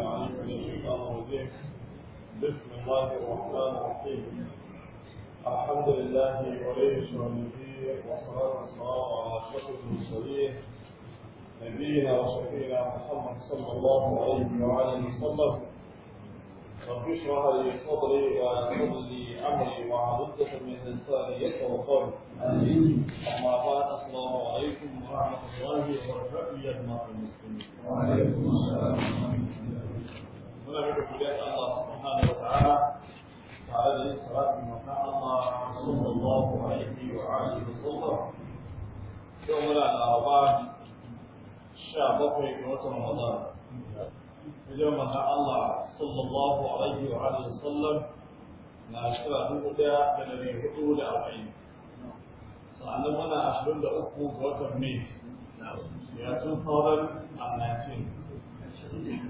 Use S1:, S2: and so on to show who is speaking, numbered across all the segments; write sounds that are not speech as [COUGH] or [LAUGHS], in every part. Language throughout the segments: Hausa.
S1: بسم الله الرحمن الرحيم الحمد لله ولي الشهداء وصلاة والسلام على
S2: أشرف المرسلين نبينا وشفينا محمد صلى الله عليه وعلى وسلم رب اشرح لي صدري ويسر لي امري وعبدة من لساني يسر قولي امين اما بعد السلام عليكم ورحمه الله وبركاته يا جماعه المسلمين وعليكم السلام ورحمه الله muna da godiya ga Allah subhanahu wa ta'ala tare da yin salatu wa ta Allah sallallahu alaihi wa alihi wa sallam yau muna da ba sha bakwai ga watan Ramadan hijiran manzon Allah sallallahu alaihi wa alihi wa sallam na shekara dubu daya da dari hudu da arba'in sa'annan muna ashirin da uku ga watan Mai
S1: ya tun sauran a 19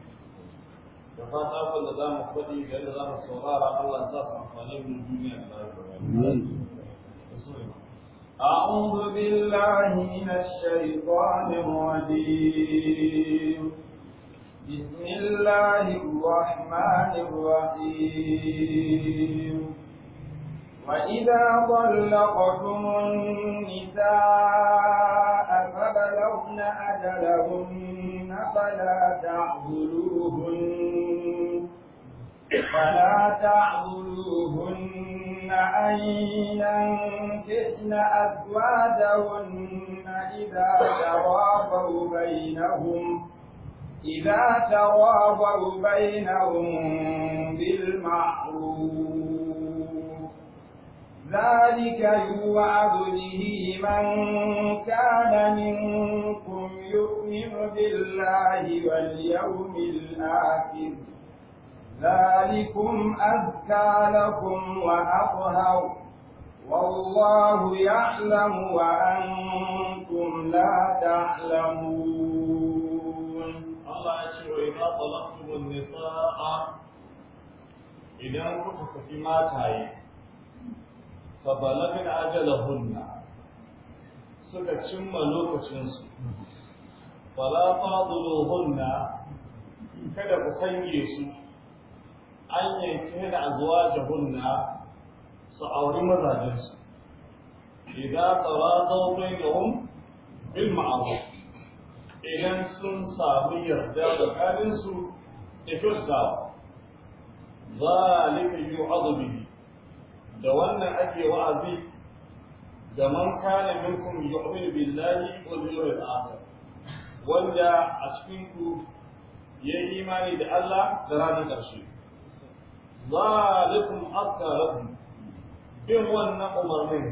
S2: الله
S3: أعوذ بالله من الشيطان الرجيم بسم الله الرحمن الرحيم وإذا طلقتم النساء فبلغن أجلهن فلا تعذلوهن
S1: فلا
S3: تعبدوهن أن ينكحن أزواجهن إذا تراضوا بينهم إذا تواضوا بينهم بالمعروف ذلك يوعظ به من كان منكم يؤمن بالله واليوم الآخر ذلكم أزكى لكم وأطهر والله يعلم وأنتم لا تعلمون الله يشهد إذا طلقتم النساء إذا كنت في
S2: ماتاي فبلغن أجلهن suka cimma lokacinsu fala fadluhunna kada ku kange su an yanke da azuwa jahunna su auri mazajensu idan tsara zaurai da hun bil ma'aru idan sun sami yarda da kaninsu da kyautawa yi yu'adhu bihi da wannan ake wa'azi da man kana minkum yu'minu billahi wal yawmil akhir wanda a cikin ku yayi imani da Allah da ranar ƙarshe zalikum askarakum bin wannan umarnin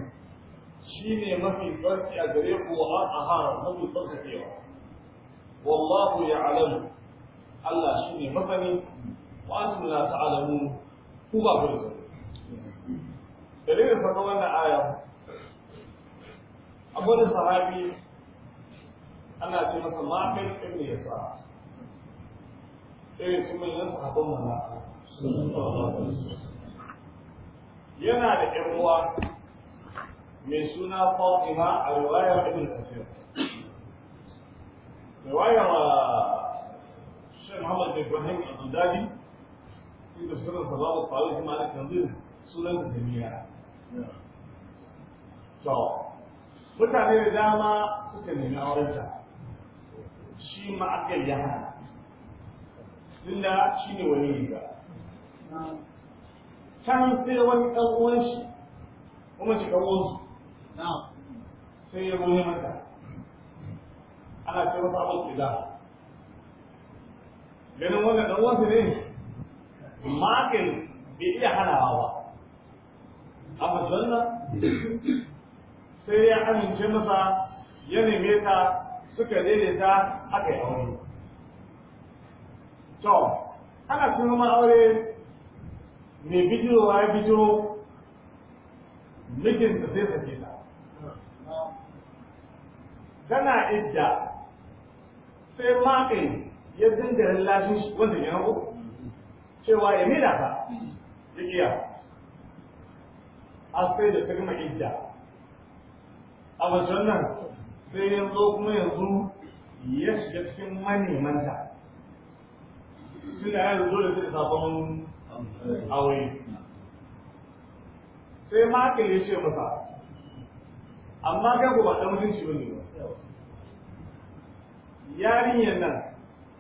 S2: shine mafi tsarki a gare ku a ahara mafi tsarkakewa wallahu ya'lamu Allah shi ne masani wa antum la ta'lamun ku ba ku Da dalilin sanar wannan aya akwai sahabi ana ce masa ma'akai ibn yasa Eh su manyan sahabban manzon yana da ƴan uwa mai suna Fatima a riwaya Ibn Kathir riwaya shan uh, Sheikh Muhammad bin Ibrahim a dadi su da sunan Fadal al-Qalil kuma da kanzir sunan Jami'a to mutane da dama suka nemi aurenta shi ma yana tunda shi ne wani riga can sai wani ɗan uwan kuma shi ɗan uwan sai ya goyi mata ana ce wata abin ƙila ganin wannan ɗan uwansa ne makin bai iya hanawa ba amma janna sai ya amince masa ya neme ta suka daidaita haka ya aure to ana cin aure mai bijirowa ya bijiro mijinta zai sake ta tana idda sai makin ya dingarin lashin shi wanda ya nago cewa ya nila ta ya iya a sai da firma idda a wajen nan sai ya zo kuma yanzu ya shiga cikin manemanta suna yanzu dole zai da sabon aure sai makil ya ce masa amma kai ku ba ɗan ba
S1: ne ba
S2: yarinyar nan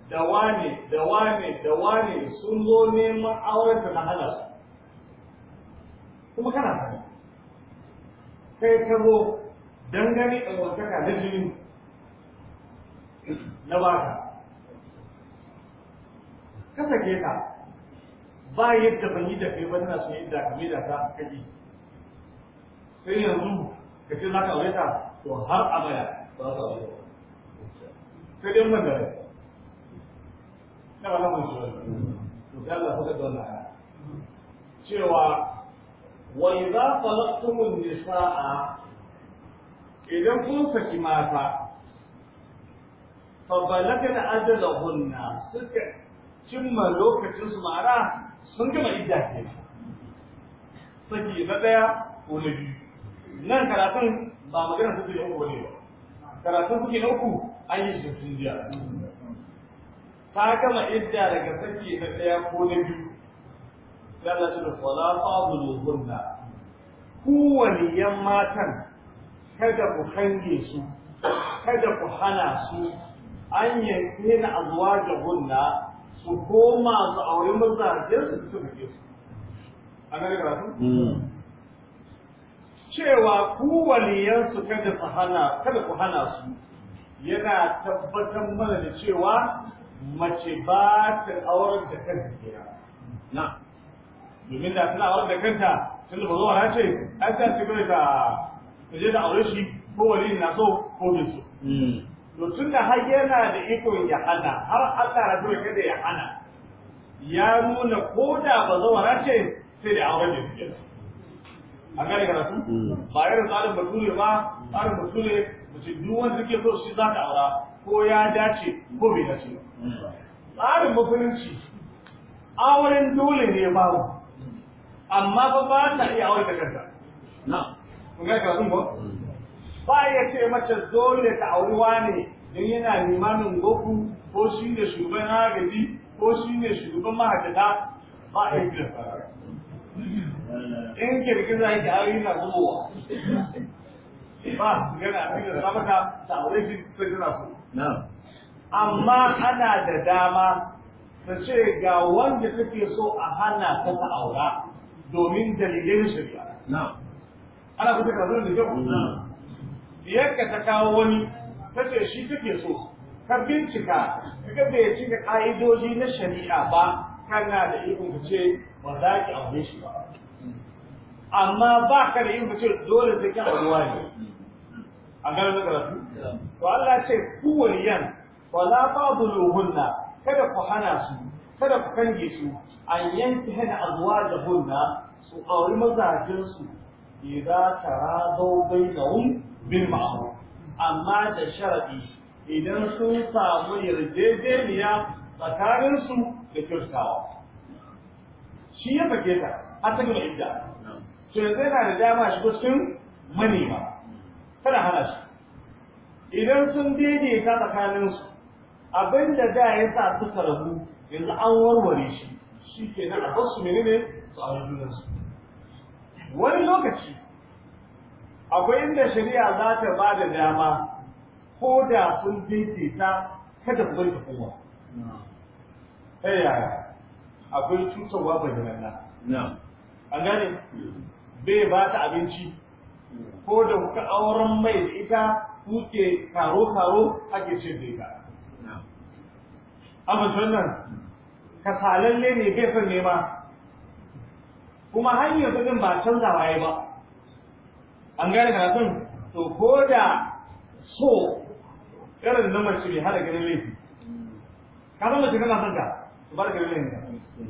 S2: da wane da wane da wane sun zo neman auren ta na hana kuma kana sani kai ka zo dangane a wasaka na jini na baka ka sake ta ba yadda ban yi dafe ba ina so yadda ka da ka kaji sai yanzu ka ce za ka aure ta to har abada ba za ka aure ta sai dai mun da rai na wala mun shi to sai Allah saka don na cewa wa idza talaqtumun nisaa idan kun saki mata fa balagna ajalahunna suka cimma lokacin su mara sun gama idda ne saki na daya ko na biyu nan karatun ba magana su zai uku ne ba karatun kuke na uku an yi shi sun jiya ta gama idda daga saki na daya ko na biyu sai Allah shi da fala fa'dul hunna kowane yan matan kada ku kange su kada ku hana su an ne na azuwa da hunna su koma su aure mazajen su su buge su a gane karatu hmm. cewa kowane yansu kada su hana kada ku hana su yana tabbatar mana da cewa mace ba ta auren da kanta gida na domin da tana auren da kanta tun da ba zuwa ce an ta ci gaba ta je da aure shi ko na so ko bin so hmm. to tunda har yana da ikon ya hana har Allah ya zo kada ya hana ya nuna ko da ba zawara ce sai da auren da take a gane karatu hmm. ba irin tsarin bature ba tsarin bature mutum duk wanda yake so shi za ta aura ko ya dace ko bai dace ba tsarin musulunci auren dole ne babu amma ba ba ta iya aure da kanta na kun ga karatu hmm. ba ba ya ce mace dole ta auri wane in yana limamin goku ko shi ne shugaban agaji ko shi ne shugaban mahajjata ba a yi
S1: in
S2: girgiza yake a yi na zubowa ba su gana a cikin ta aure shi ta jira su amma ana da dama ta ce ga wanda take so a hana ta ta aura domin dalilin shirya ana kusa karatu da kyau ya ka ta kawo wani ta ce shi take so ka bincika ka bai cika ka'idoji na shari'a ba kana da ikon ka ce ba za ki aure shi ba amma ba ka da ikon ka ce dole sai ka aure wani a garin da karatu to Allah ce ku waliyan wala faduluhunna kada ku hana su kada ku kange su an yanki hana azwajahunna su auri mazajinsu idza da bainahum bin ma'ruf amma da sharadi idan sun samu yarjejeniya tsakaninsu da kyautawa shi ya fake ta har ta gama idda to yanzu yana da dama shi cikin manema tana hana shi idan sun daidaita tsakaninsu abinda da ya sa suka rabu yanzu an warware shi shi ke nan a basu menene su a wani lokaci akwai inda shari'a za ta ba da dama ko da sun ta kada ku ta kowa ta yaya akwai cutarwa bayananna an gane bai ba ta abinci ko da kuka auren mai da ita kuke karo-karo ake ce da ita Amma nan kasalalle ne bai son nema kuma hanyar kudin ba canza waye ba an gane karatun to ko da so irin na mace bai hada ganin laifi ka san mace kana son ka to ba da ganin
S1: laifi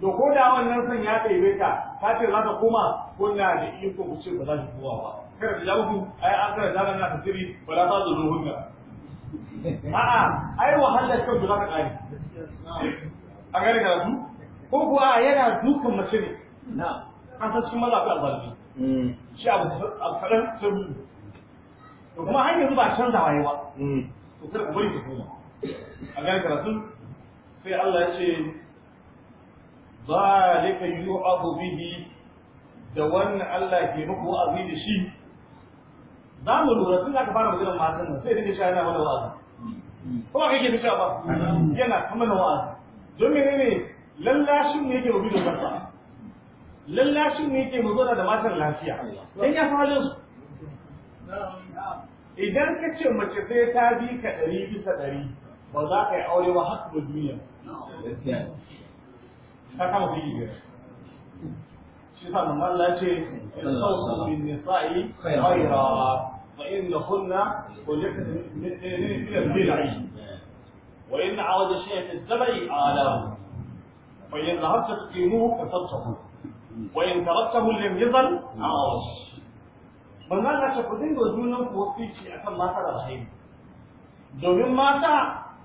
S2: to ko da wannan son ya ɗebe ka ta ce za ka koma ko na da iko ku ce ba za ki kowa ba kada da jawo ai an kada da na tafsiri ba za ta zo hunka a'a ai wahalar kan da za ka kare a gane karatu ko kuwa yana dukan mace ne na an san cikin mazafi a zalimi shi abu kaɗan sun yi to kuma hanyar ba canza waye ba mm. to kada ku bari ta koma a gani karatun sai Allah ya ce zalika yu'adhu bihi da wannan Allah ke muku wa'azi da shi za mu lura tun aka fara maganar matan nan sai da shi yana mana wa'azi kuma kake da ba mm. yana kuma na wa'azi don menene lallashin ne yake rubuta kansa lallashin ne ke magana da matar lafiya don ya fi halin su idan ka ce mace sai ta bi ka ɗari bisa ɗari ba za ka yi aure ba haka ba duniya ta kama fi biyar shi sa mun Allah ce sausu min nisa'i khayra wa inna kunna kullat min al-bid'i وإن عاود شيء في الزبع آلام فإن ذهبت تقيموه فتصبوا wa in taraktahu lam yazal aws manzo Allah ce ku dinga junan ku wasici akan mata da alheri domin mata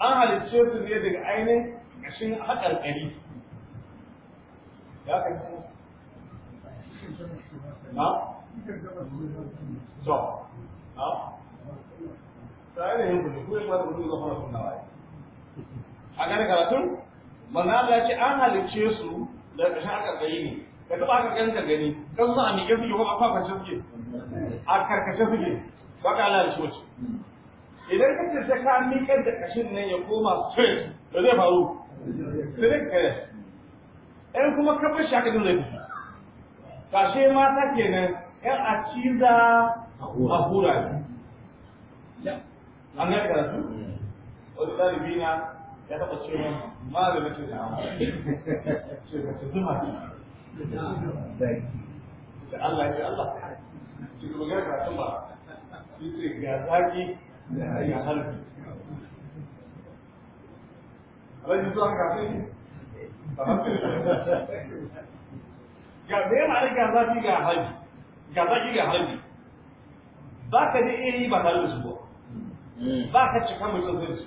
S2: an halicce su ne daga ainihin ya kai
S1: na so na
S2: ta yi yin kudu kuma ba kudu zafi na kunna a gane karatun manzo Allah ce an halicce su da ƙarshe aka tsaye ne ka taɓa ka ganta gani kan su a miƙe suke ko a fafance suke a karkace suke ba ka ala shi idan ka ce sai ka miƙar da ƙashin nan ya koma straight da zai faru sai dai ka ɗan kuma ka bar shi aka dinga tafi kashe mata kenan ƴan a ciza a hura
S1: ne an ga karatu
S2: Wani ɗalibi na ya taɓa cewa
S1: malama ce da ce da ce zuma ce sai Allah ya Allah shi kuma ga ka tuma shi ce ga zaki Allah
S2: ga me ma ga zaki ga harbi ga zaki ga hali. ba ka da iya yi ba tare da su ba ba ka cika mutum zai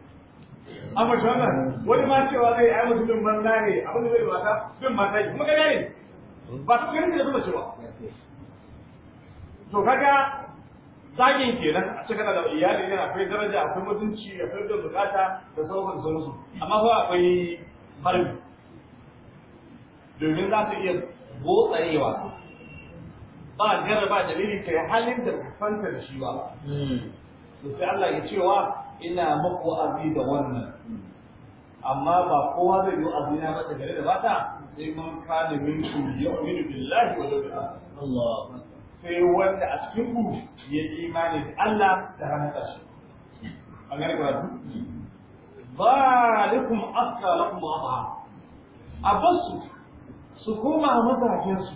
S2: an fashe wannan wani ma cewa zai ai mutu bin banza ne abin da zai wata bin mata ne kuma gani ne ba ta gani da zuwa cewa to kaga zagin kenan a cikin da iyali yana akwai daraja akwai mutunci akwai da bukata da sauran sauransu amma kuma akwai harbi domin za su iya botsarewa ba gara ba dalili kai halin da fanta da shi ba hmm. to sai Allah ya cewa ina muku wa'azi da wannan amma ba kowa zai yi wa'azi na mata gare da bata, sai man kana minkum yu'minu billahi wa yawmil akhir sai wanda a cikin ku ya yi imani da Allah da ranar ƙarshe an gane ba zalikum afka lakum wa abbasu su koma mazajen su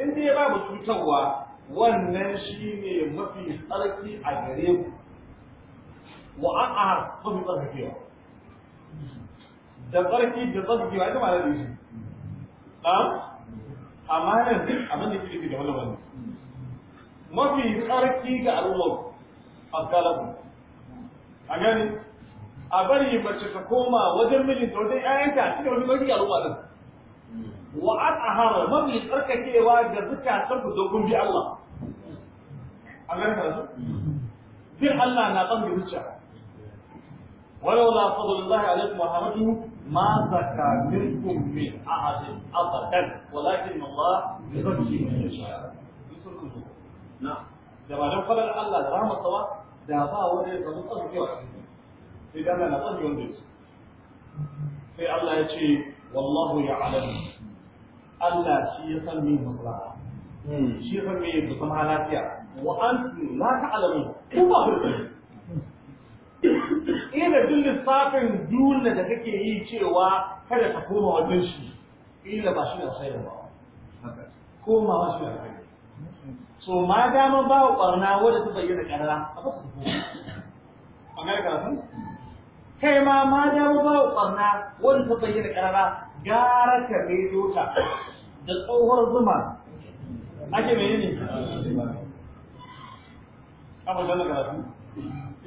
S2: in dai babu cutarwa wannan shine mafi tsarki a gare ku wa aqhar mafi da tsarki da tsarkakewa ita ma da shi ɗan amma yanzu abin da ke da wani wani mafi tsarki ga al'ummar a gani a bari mace ta koma wajen mijin da wajen a cikin wani mafi al'umma din wa aqhar mafi tsarkakewa ga zakatar ku dokun bi Allah a gani ka su bin na ɗan da ولولا فضل الله عليكم ورحمته ما زكى منكم من احد ابدا ولكن الله يزكي من يشاء نعم da ba don kwalar Allah da da ba wani ya zama tsarki wa sai da na tsarki wanda ya sai Allah ya ce wallahu ya Allah shi ya san min maslaha shi ya san min da lafiya wa antum la ta'lamun ku ba ku ina duk lissafin duniya da kake yi cewa kada ka koma wajen shi ila ba shi da sai da ba komawa shi da kai so ma dama ba wa barna wanda ta bayyana karara a ba su koma ka san kai ma ma dama ba wa barna wanda ta bayyana karara gara ka ne ta da tsohuwar zuma ake menene ne abu da na karatu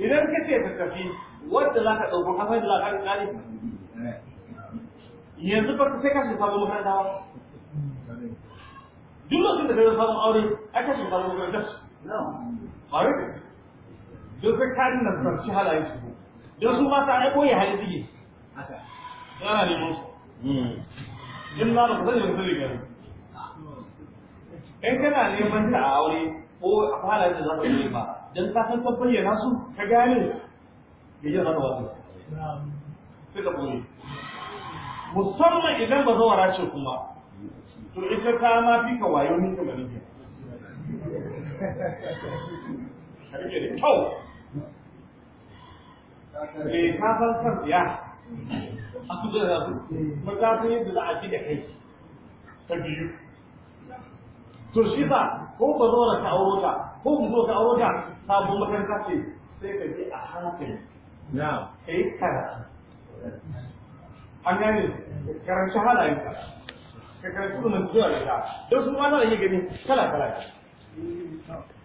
S2: idan ka ce ka tafi wadda za ka ɗauko hafai da lafari ka yanzu farko sai ka sabon makaranta ba duk lokacin da ka sabon aure ai ka sabon makaranta ƙwarai da don sai ka dinga zarci halayen su don su mata ai ɓoye hali suke yana neman su in ma ba ku sani ba sani gani in kana neman ta a aure ko a halayen da za ka yi ba dan ka san ka bayyana su ka gane ya yi hana wasu suka boye musamman idan ba zawara ce kuma to ita ta ma fi ka wayo ni kamar ne
S1: karfe da kyau me ka san san ya
S2: a su da su maza sun yadda za a ji da kai ta biyu to shi ba ko ba zo ka auro ta ko mu zo ka auro ta sabon makaranta ce sai ka je a hankali na kai karatu an gane karanci halayen ka ka karanci wannan zuwa da don su ma na yi gani kala kala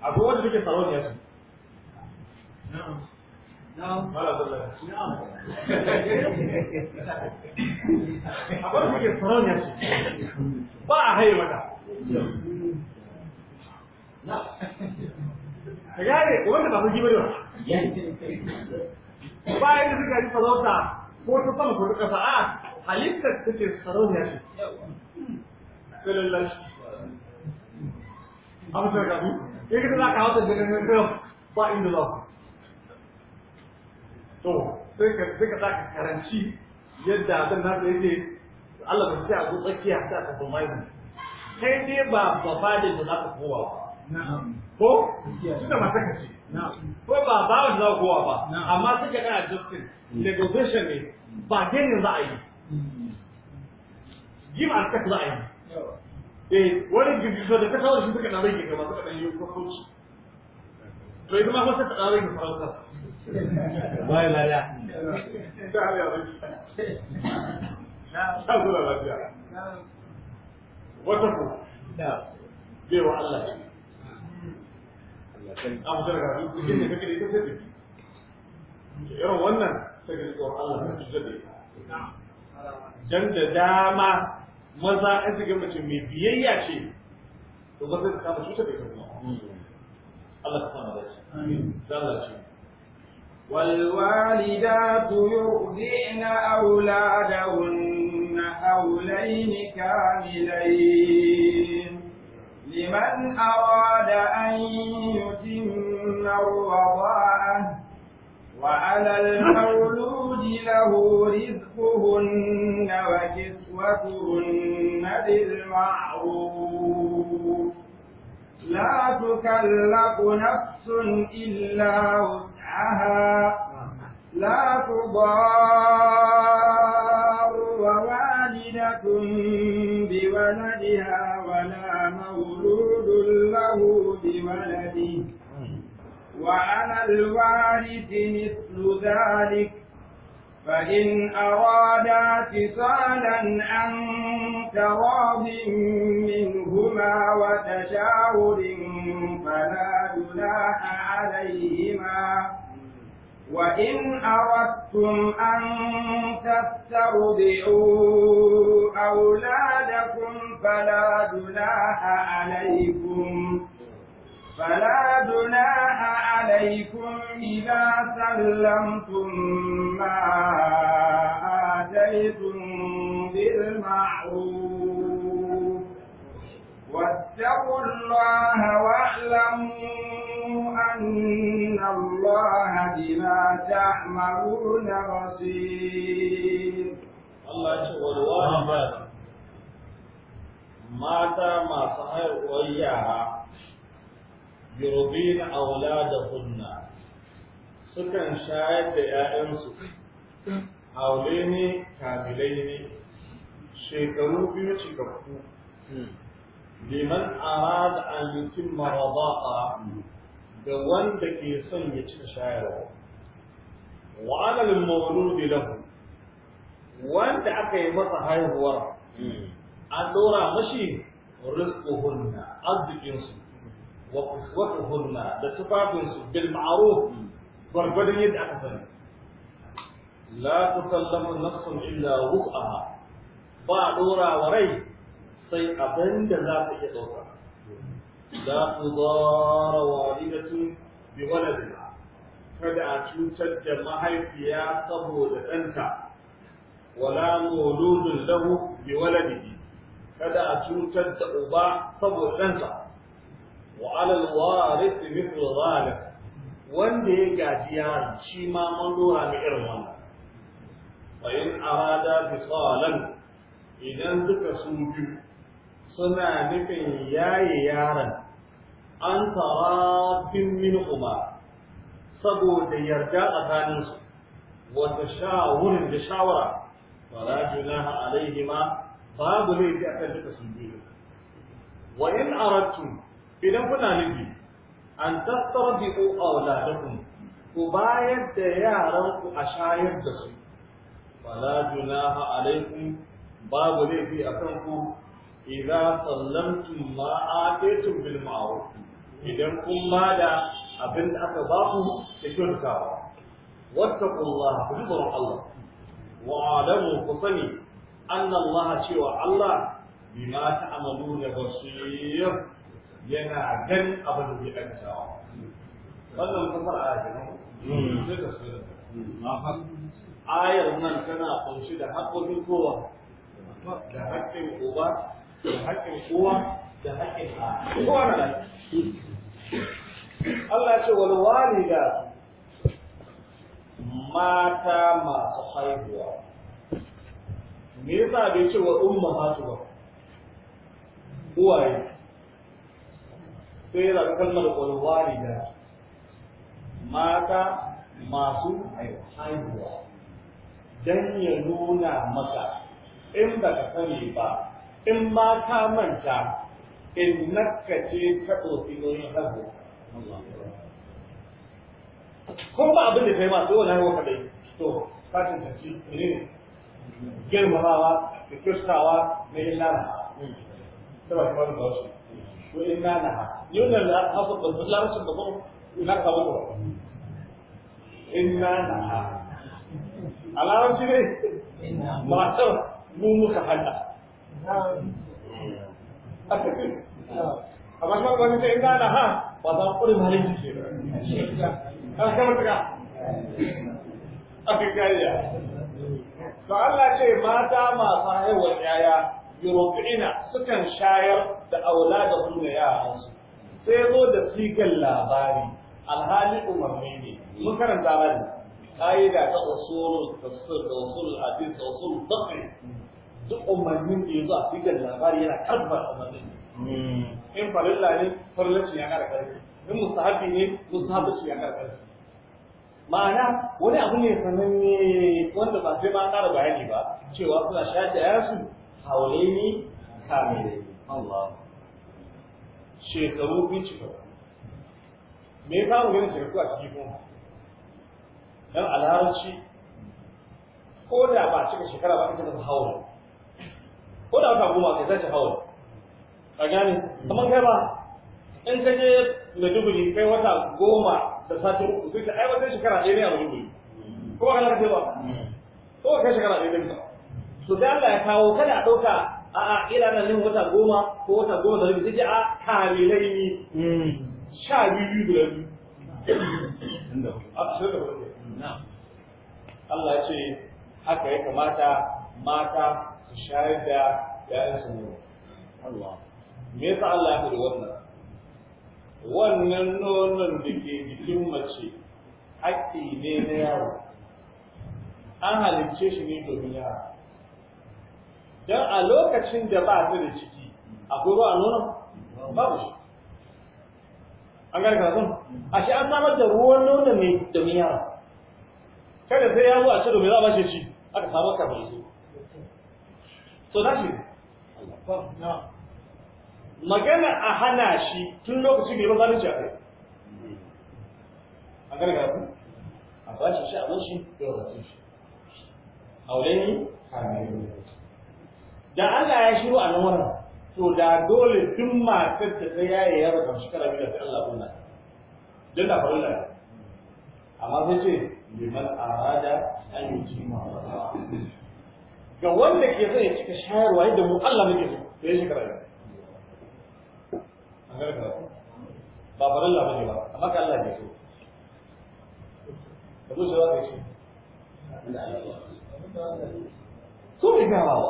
S2: akwai wanda take tsaro ne su
S1: Na'am. na'am Na'am. na'am na'am na'am na'am na'am na'am
S2: na'am a na'am na'am gane wanda ba su ji bane ba bayan da suka yi sarauta ko ta sama ko ta kasa a halittar ta ce sarauniya ce kalallashi abu sai gabu ya kita za ka hauta da ganin rau ba inda za ku to sai ka sai ka saka karanci yadda abin na da yake Allah ba sai a zo tsakiya sai a compromise kai dai ba ba fadin da za ka kowa ba ko suka mata ko ba bawan za kowa ba amma suka kana justin negotiation ne ba gani za a yi give and take za a yi eh wani gizgizo da ta kawo shi suka ɗarai gaba suka ɗan yi kwakwaci to ita ma kuma suka ɗarai gaba farauta bayan lariya
S1: ta hali ba. wata bai wa Allah
S2: irin wannan sai ga Allah da ita dan da dama maza an shiga mace mai biyayya ce to ba zai kama cutar da ita kuma
S1: Allah ta kama shi da Allah ce
S3: والوالدات يرضعن أولادهن حولين كاملين لمن أراد أن يتم الرضاعة وعلى المولود له رزقهن وكسوتهن بالمعروف لا تكلف نفس إلا وسعها لا تضار ووالدة بولدها ولا مولود له بولده وعلى الوارث مثل ذلك فإن أرادا فصالا عن تراب منهما وتشاور فلا جناح عليهما وإن أردتم أن تسترضعوا أولادكم فلا جناح عليكم فلا جناح عليكم إذا سلمتم ما آتيتم بالمعروف واتقوا الله واعلموا أن الله بما تعملون
S2: بصير الله يقول ماذا ما صهر وياها يرضين أولادهن سكن شاهد أئنسك haulaini kamilaini shekaru biyu cikakku liman arada an yutimma rada'a ga wanda ke son ya cika shayarwa wa alal mawludi lahu wanda aka yi masa haihuwa a ɗora mashi rizquhunna arzikin arzikinsu, wa kusuwatuhunna da tufafin su bil ma'ruf gwargwadon yadda aka sani la tukallamu nafsun illa wus'aha ba ɗora wa rai sai abin da za ta iya ɗauka لا تضار والدة بولدها kada a cutar da mahaifiya saboda ɗanta kada a cutar da uba saboda ɗanta wa wanda ya gaji yaron shi ma mun dora mai irin wannan fa in arada fisalan idan duka sun biyu suna nufin yaye yaran, an bin min kuma saboda yarda tsakaninsu wata shawurin da shawara a junaha ma babu laifi akan duka sun biyu wa in aradtum idan kuna nufi an tastarbi'u auladakum ku bayar da yaran ku a shayar da su wala junaha alaikum babu laifi akan ku idza sallamtum ma ataytum bil ma'ruf idan kun ba da abin da aka baku ku da kyautatawa wattaqullaha ku tsoron Allah wa alamu ku sani anna Allah cewa Allah bima ta'maluna basir yana gan abin da ya aikatawa wannan hmm. kafar ayar nan tana kunshi da haƙoƙin da haƙƙin uba da haƙƙin uwa da haƙƙin a kowa na Allah ce wani wani da mata masu haihuwa me yasa bai ce wa ummahatu ba uwaye sai yana zaɓi wani wani da mata masu haihuwa don ya nuna maka in ba ka sani ba in ma ka manta in nakace ta ɗofi domin ko ba abin da kai ma sai wannan waka dai to ka tantance menene girmamawa da Kristawa, na yin lana ta ba kuma da wasu ko in lana ha yau da hausa da larabcin da kuma na ka ba. in lana ha a larabci ne matar mu muka hada amma kuma wani sai to Allah ce mata masu haihuwar yaya yuruqina sukan shayar da aula da hunna yaransu sai zo da sigan labari alhali umarni ne mun karanta bane قاعدة أصول التفسير أصول الحديث أصول الفقه duk umarnin da ya zo a fitar labari yana karfar umarnin hmm. in farilla ne farilacin ya kara karfi in mustahabi ne mustahabacin ya kara karfi ma'ana wani abu ne sananne wanda ba sai ma kara bayani ba cewa suna shafi a yasu haulaini kamilai Allah shekaru biyu cika me ya samu ganin shekaru a cikin kuma dan alharanci ko da ba cika shekara ba ka da haulaini ko da aka goma sai zai hawan a gane kuma kai ba in ka je Maiduguri kai wata goma da sati uku sai ai wata shekara ɗaya ne a Maiduguri ko kana kai ba ko kai shekara ɗaya ne to dai Allah ya kawo kada a ɗauka a a ila nan ne wata goma ko wata goma da rubi sai a kamilai ni sha biyu da rubi Allah ya ce haka ya kamata mata su shayar da ‘ya'yansu nono. Me yasa Allah ya da wannan? Wannan nonon da ke jikin mace haƙƙi ne na yaro. An halicce shi ne domin yaro. Don a lokacin da ba ta da ciki, akwai ruwa a nonon? Babu shi. An ka gane kafin? Ashe an samar da ruwan nonon ne domin yaro. Kada sai ya zo a ce domin za a ba shi ci, aka samar kafin su. so za shi magana a hana shi tun lokacin bai ba da a a gargara a ba shi shi a zan shi ya wasu shi aure ne da Allah ya shiru a nan to da dole duk matar ta ta yaye ya ba shi biyar da Allah kunna don da farulla amma sai ce liman arada an yi jima ga wanda ke zai cika shayarwa yadda mu Allah muke so da ya shekara da an garka ba faran Allah muke ba amma ka
S1: Allah ne so da mu ka ga shi
S2: so ne gawa ba,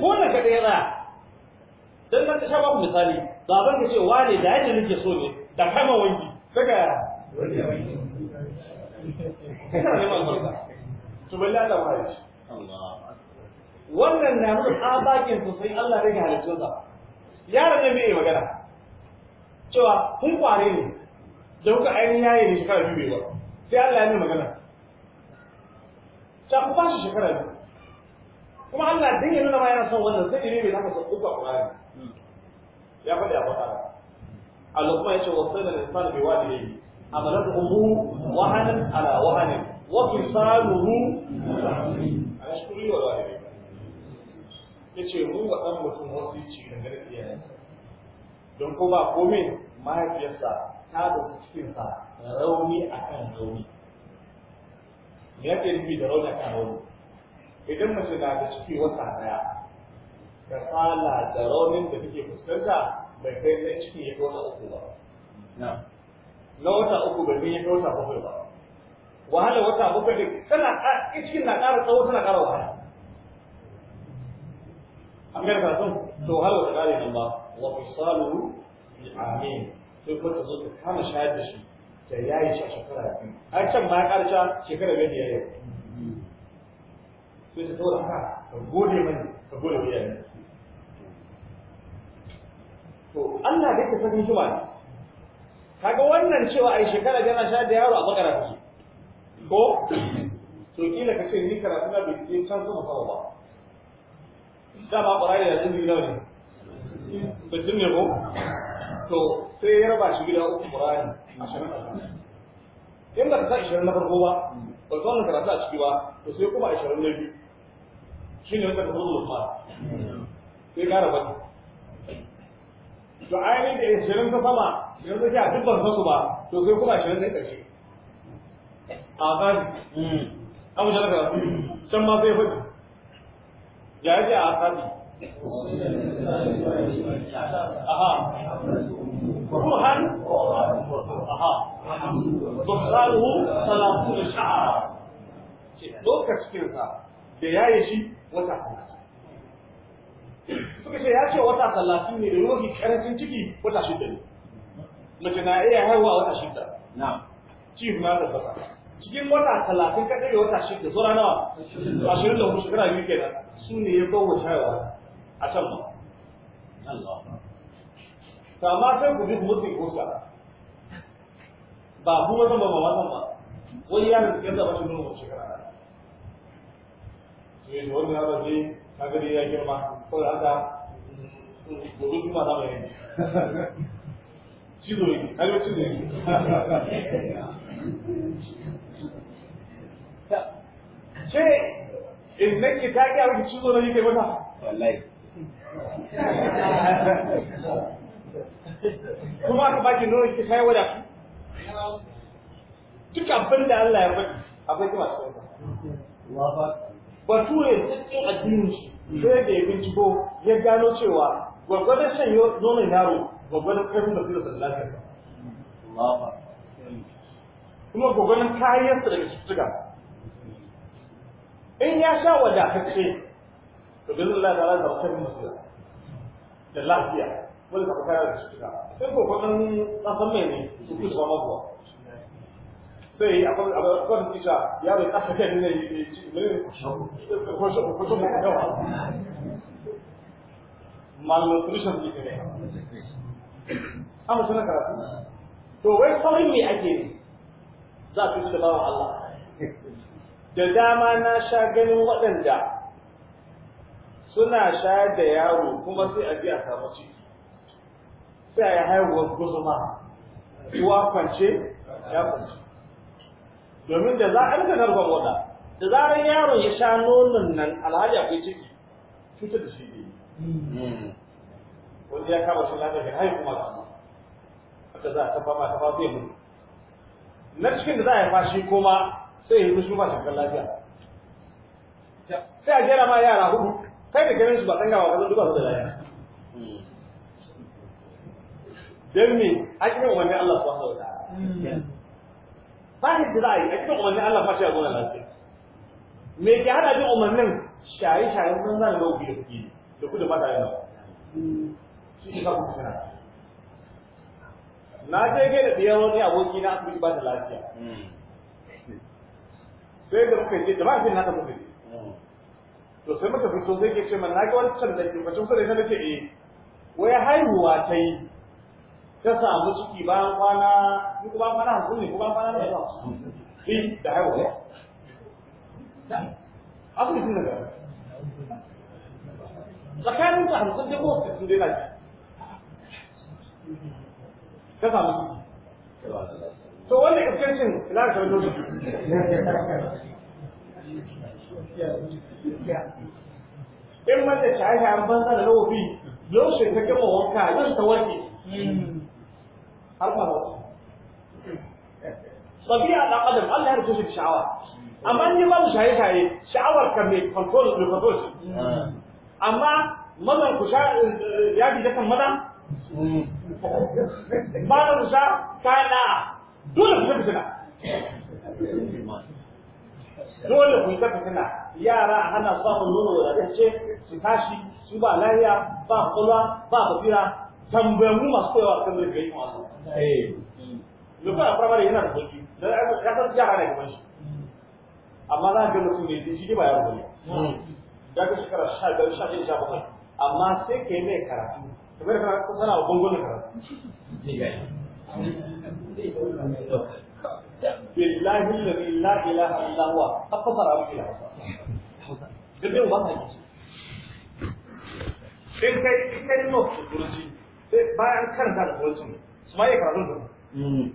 S2: ko da ka dera don nan ta shafa misali baban ka ce wane da yadda nake so ne da kama wanki daga wani
S1: wanki kana neman
S2: barka to balla da mai wannan na nuna tsabakin sosai Allah rage halittunsa ba yaron nan bai magana cewa kun kware ne da kuka ainihin yaye ne shekara biyu bai ba sai Allah ya nuna magana ta ku bashi shekara biyu kuma Allah din ya nuna ma yana son wannan sai ne bai zaka son uku a kware ya faɗi a bakara Allah kuma ya ce wasu da lissan bai wadi ne amalar ubu wahanin ala wahanin wa fisaluhu ala shukuri wa wadi ya ce mu wa ɗan mutum wasu ci dangane da iyayensa don ko ba komai mahaifiyarsa ta da cikinsa rauni a kan rauni me yake nufi da rauni a kan rauni idan mace na da ciki wata daya kasala da raunin da take fuskanta bai kai na ciki ya wata uku ba na wata uku bai kai ya wata bakwai ba wahala wata bakwai tana cikin na ƙara tsawo tana ƙara wahala an gane karatun to har wata kare nan ba wa fisalu bi amin sai kuma ta zo ta kama shayar da shi ta yayi shi a shekara biyu a can ma ya karsha shekara biyu da yayi sai ta kawo ka, ka gode mani ka gode wa iyayen to Allah da yake sanin hikima ne kaga wannan cewa ai shekara biyu na shayar da yaro a makaranta ko to kila ka ce ni karatu na bai je can zuwa kawo ba dama ƙwararri da sun nawa ne bajin ne ko to sai ya raba shi gida uku ƙwararri ashirin a in ba ta sa ashirin na farko ba ba ta wannan karatu a ciki ba to sai kuma ashirin na biyu shi ne wata kamar zulma sai ƙara baki to ainihin da ashirin ta sama yanzu ta duk ban su ba to sai kuma ashirin na ƙarshe a ƙari hmm. an wuce na karatu can ma sai ya faɗi ya ji a sani
S1: aha ruhan aha dukkanuhu salatu da sha'ara
S2: ce ɗauka cikinsa da ya yi shi wata talatin suka ce ya ce wata talatin ne da ruhi karancin ciki wata shida ne mace na iya haihuwa wata shida na ci na da fasa cikin wata talatin ka ɗaya wata shida sura nawa ashirin da hudu kana biyu kenan su ne ya kawo shayarwa a can ba ta amma sai ku mutum kusa ba kuma zan ba ba zan ba wani yaron da kyanza ba shi nuna mace shekara sai da wani yaron ne ka gani ya girma ko da haka gobe kuma za mu cizo cizo ke in nake ta ga miki cizo na yake mata wallahi kuma aka baki nuna ki sai wada duk abin da Allah ya baki akwai kuma bature cikin addinin su sai da ya binciko ya gano cewa gwagwadon shan nonon yaro gwagwadon karfin basira da lafiyarsa kuma gwagwadon kayansa daga cikin in ya sha wadatacce to bin Allah ta rasa wata musiya da lafiya wanda ba kara da cutuka sai ko kun san san mene su ku so mako sai akwai akwai kisa ya bai kasa kan ne ne ci ne ko so ko so mu dawa malnutrition ne ne amma suna karatu to wai saurin me ake ne za ku ci da bawan Allah da dama na sha ganin waɗanda suna sha da yaro kuma sai a biya samu ciki sai a yi haihuwar guzuma uwa kwance ya kwance domin da za a rika narkon waɗa da zarar yaron ya sha nonon nan alhaji akwai ciki cutar da shi ne
S3: hmm.
S2: Wanda ya kama shi lafiya ya haihu kuma kama haka za a tafa ma tafa zai mutu na cikin da za a yi fashi kuma sai yi musu ba shakar lafiya sai a jera ma yara hudu kai da ganin su ba tsanga ba kazan duba su da lafiya don me a cikin umarni Allah su wasu wata ba shi da za a yi a cikin umarni Allah fashe a zuwa lafiya me ke hada bi umarnin shaye shaye sun zan ubi da suke da kudu mata yana shi shi kafin suna na je gai da biyan wani aboki na asibiti ba da lafiya sai da muka je jama'a bin haka muka to sai muka fito zai ke ce mana na ga wancan da ke bacin sai na ce eh wai haihuwa ta yi ta samu ciki bayan kwana ni kuma kwana hamsin ne kuma kwana na ba eh da haihuwa ya asibitin da gaba tsakanin ta hamsin da ko su dai na ta samu
S1: ciki
S2: to wannan iskancin ila ka rubuta in wanda shahararra an banza da lawofi yau shi ta gama wanka yau ta wanke har ba wasu tabi'a da adam Allah ya rubuta sha'awa amma in ba mu shaye shaye sha'awar kan ne control da control amma mazan ku sha eh, ya bi da kan maza ba da ku sha kana dole ku fitina dole ku ta fitina yara ana samun nono wadatacce su tashi su ba lahiya ba kula ba basira tambayanmu masu koyawa kan da kai masu lokacin a primary yana da kulki da ya san ya ne kamar shi amma za a ga mutum ne shi ba yaro ne ya ga shekara sha biyar sha biyar sha bakwai amma sai ka yi mai karatu kamar kana kusa na bangon karatu billahi alladhi la ilaha illa huwa tafsara wa ila hausa gabe ba ta yi sai kai kai no turji sai bayan karanta da turji su ma yi karatu da hmm.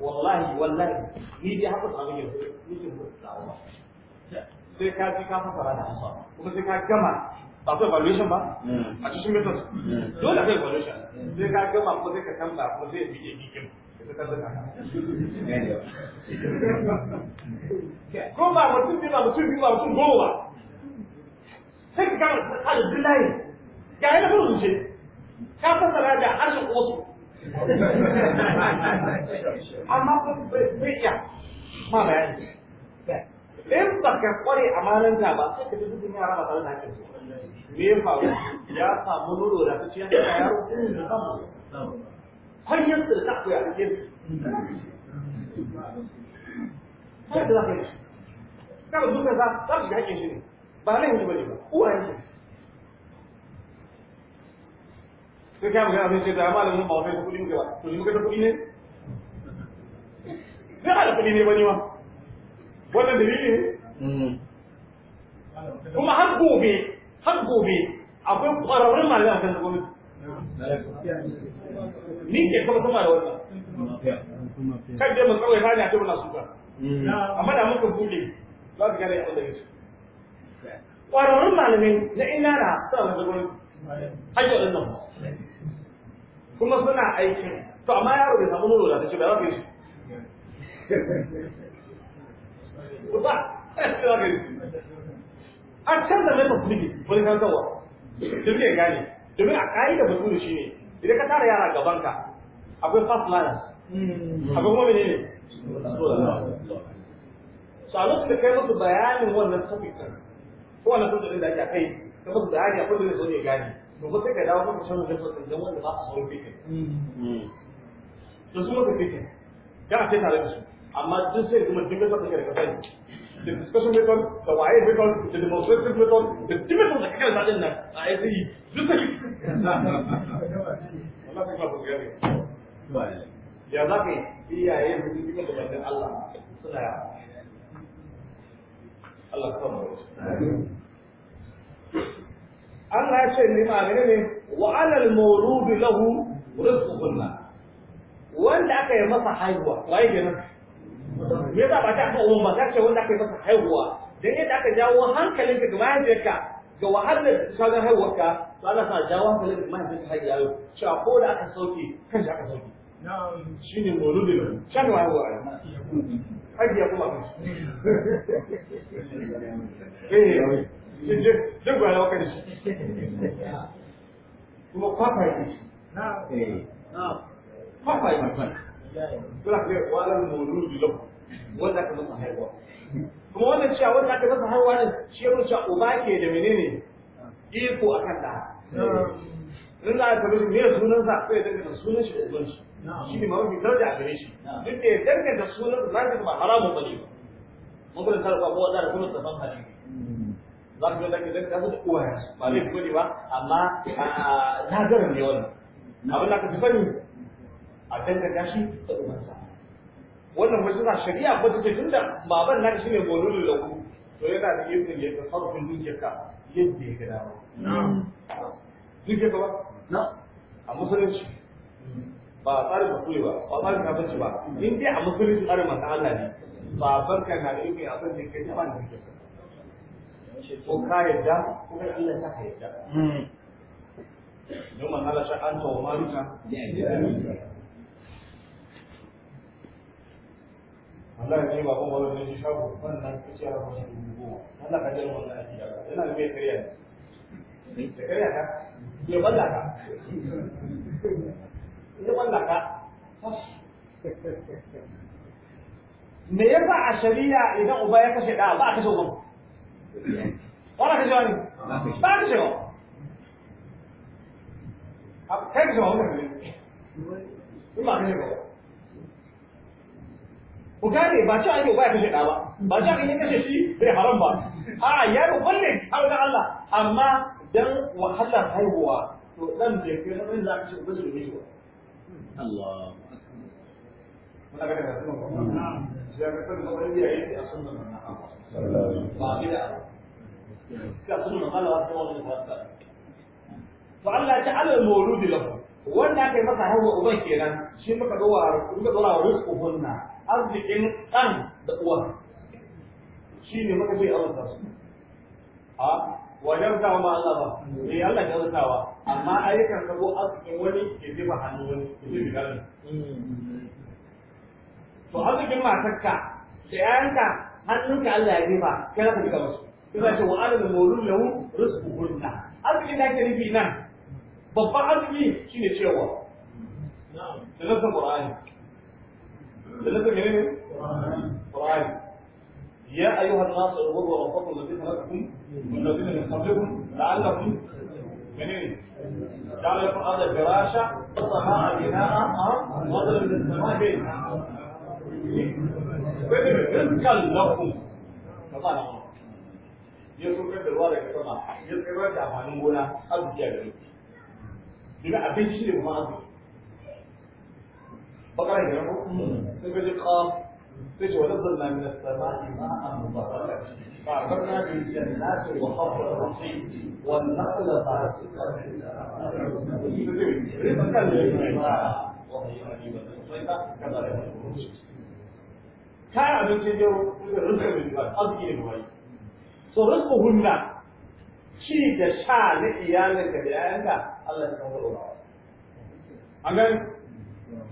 S2: wallahi wallahi ni dai haka samu yau nake da sai ka ji ka fara da hausa kuma sai ka gama ba ko evaluation ba hmm. a cikin methods hmm. dole evaluation sai ka gama ko ka ko bikin ko ba mutum ba mutum ba mutum sai ka ka da dillahi ga a kan rubuce ka da harshen amma ko bai iya ma bayani in ba ka kware ba sai ka ji yara ba tare da me ya faru ya samu nono da ta ciyar da yaro da samu har yanzu da ta koya a cikin har da za ka duka za za su yake shi ne ba nan yi bane ba uwa yake sai kai magana sai ce da malamin ba sai kuɗi muke ba to shi muka kuɗi ne sai ala kuɗi ne bane ma wannan dalili ne mm. kuma har gobe har gobe akwai ƙwararrun malamai a kan na gwamnati ni ke kuma sama da
S1: wannan kan
S2: dai mun kawai rani a kai muna suka amma da muka bude za ka gane abin da yake ƙwararrun malamin na ina na sa wanda gwamnati hajjar ɗin nan kuma suna aikin to amma yaro bai samu nono da ta ce ba za su.
S4: yi
S2: su ba
S1: [LAUGHS] yi su
S2: a canza method thinking wani zantarwa domin ya gane domin a ka'ida basuru shi ne idan ka tara yara gaban ka akwai fast learners akwai kuma menene so a lokacin da kai musu bayanin wannan topic din ko wannan topic din da ake kai ka musu bayani akwai da zai so ya gane to ba sai ka dawo kuma sanin method din da wanda ba su sauran fikin to su mutu fikin Ya a ce tare da su amma duk sai kuma duk da suka da ka sani the discussion method the wire method the demonstration method the method اللي حكينا بعدين عايز ايه والله فكره بوجيه يا زكي هي ايه بتيجي من الله سلام الله يرحمه Allah ya ce nema gane ne wa alal mawludu lahu rizquhunna wanda aka yi masa haihuwa waye kenan me yasa ba ta ba uwan ba ta ce wanda aka yi masa haihuwa dan yadda aka jawo hankalinka ga mahaifiyarka ga wahalar shagar haihuwarka to Allah sa jawo hankalinka ga mahaifiyarka har yaro cewa ko da aka sauke kan shi aka sauke shine ne
S1: shan haihuwa hajiya kuma kan eh duk ba lawa kan shi
S2: kuma kwafa yake shi eh. suna kai kwanan monu da lahu wanda aka masa haihuwa kuma wannan cewa wanda aka masa haihuwa ne shi ya cewa uba ke da menene iko a kan da in da a tabi shi ne sunansa sai ya danganta sunan shi da ubanci shi ne mafi daraja a gare shi duk da ya danganta sunan za ka ba haramun ba ne ba mun ta ba kowa da sunan tafan hadisi hmm. za ka ga da ka da uwa ba ne ba amma ah, na garin ne wannan abin da ka fi sani a danganta shi da umarsa wannan wasu na shari'a ba ta tun da baban na shi ne gonin lauku. to yana da yi ya yadda farkon dukiyarka yadda ya gada ba dukiyarka ba na a musulunci ba a tsarin bature ba ba tsarin kafirci ba in dai a musulunci tsarin masu Allah ne baban ka na da yi abin da ke ta da dukiyarka ko ka yadda ko kai Allah ya ka yadda hmm. don manzala sha'anta wa
S1: maluka
S2: Allah ya ba kuma wani shi shago wannan ka ce a kuma shi goma Allah ka jira wannan yana da mai karya ne da karya ka ya balla ka ya balla ka me yasa a shari'a idan uba ya kashe da ba a kashe uban wala kashe wani ba a kashe wani kai kashe ne ba a kashe ku gane ba ci an yi ba ya kashe ɗa ba ba ci an yi kashe shi bai haram ba a yaro kullum har da Allah amma dan wahalar haihuwa to dan da ke nan ka ce ubangi da miji Allah فعلا جعل المولود wanda aka yi masa hawa uban kenan shi muka ga wa muka ga wa rizquhunna arzikin dan da uwa shi ne muka ce Allah ta su a wajen kawo ma Allah ba eh Allah ya zartawa amma ayyukan sabo arzikin wani ke jefa hannu wani ke jefa garin to arzikin matarka da yayanka hannunka Allah ya jefa kai za ka bi kamar su sai ce wa alamu mawlud lahu hunna arzikin da ke nufi nan babban arziki shine cewa da lafzar qur'ani da lafzar menene qur'ani ya ayyuhan nas ubudu rabbakum alladhi khalaqakum والذين من قبلكم لعلكم
S1: منين؟ جعل لكم الارض فراشا والسماء بناء وضرب من السماء رزقا لكم
S2: يسوع كيف الوضع كما يسوع كيف عمل مولا أبجد ina abinci ne ma azumi bakara ne ko sai ka ji qaf sai ce wala zanna min da samai ma'an mubarak fa'akarna bi jannati wa hafra rahim wa naqla ta'asika kayan abincin yau rinka mai ba arziki ne yi. so rinka hunna ci da sha na iyalinka da yayanka Allah ya kawo roba an gani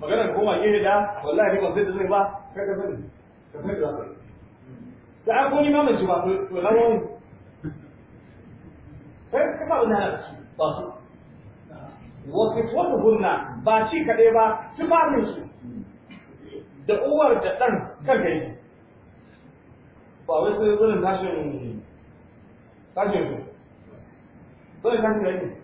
S2: maganar koma gehe da wallahi ne ba sai da zai ba kai ka sani ka sani da zai da an koni ma mai shi ba to na wani kai ka ba na halarci ba su wa wata hunna ba shi kaɗai ba su ba min su da uwar da ɗan kan gani ba wai sai zurin tashin tashin su zurin tashin gani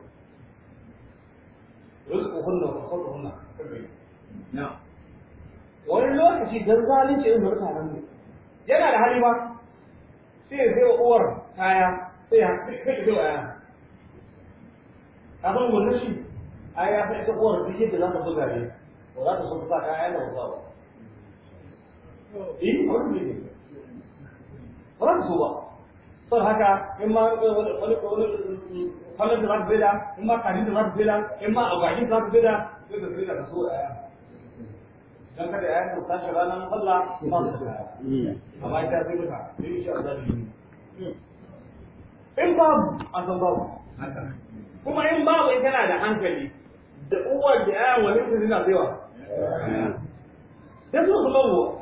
S2: rizquhunna wa qawluhunna na'am wani lokaci dan zalunci irin mutanen ne yana da hali ba sai ya sai uwar kaya sai ya sai ya yana abin wannan shi a ya fi ita uwar duk yadda za ta buga ne ba za ta so ta kaya da ba ba
S3: eh wani ne
S2: ba za ta so ba sau haka in ma wani kwallon da za ka bida in ma kanin da za ka bida in ma agwagin da za ka bida sai ka bida ka so ɗaya dan kada ya yi tashi ranar sallah ba su da amma ita sai muka sai shi a ne in babu a san babu kuma in babu in tana da hankali da uwar da yayan wani su na tsewa sai su su babu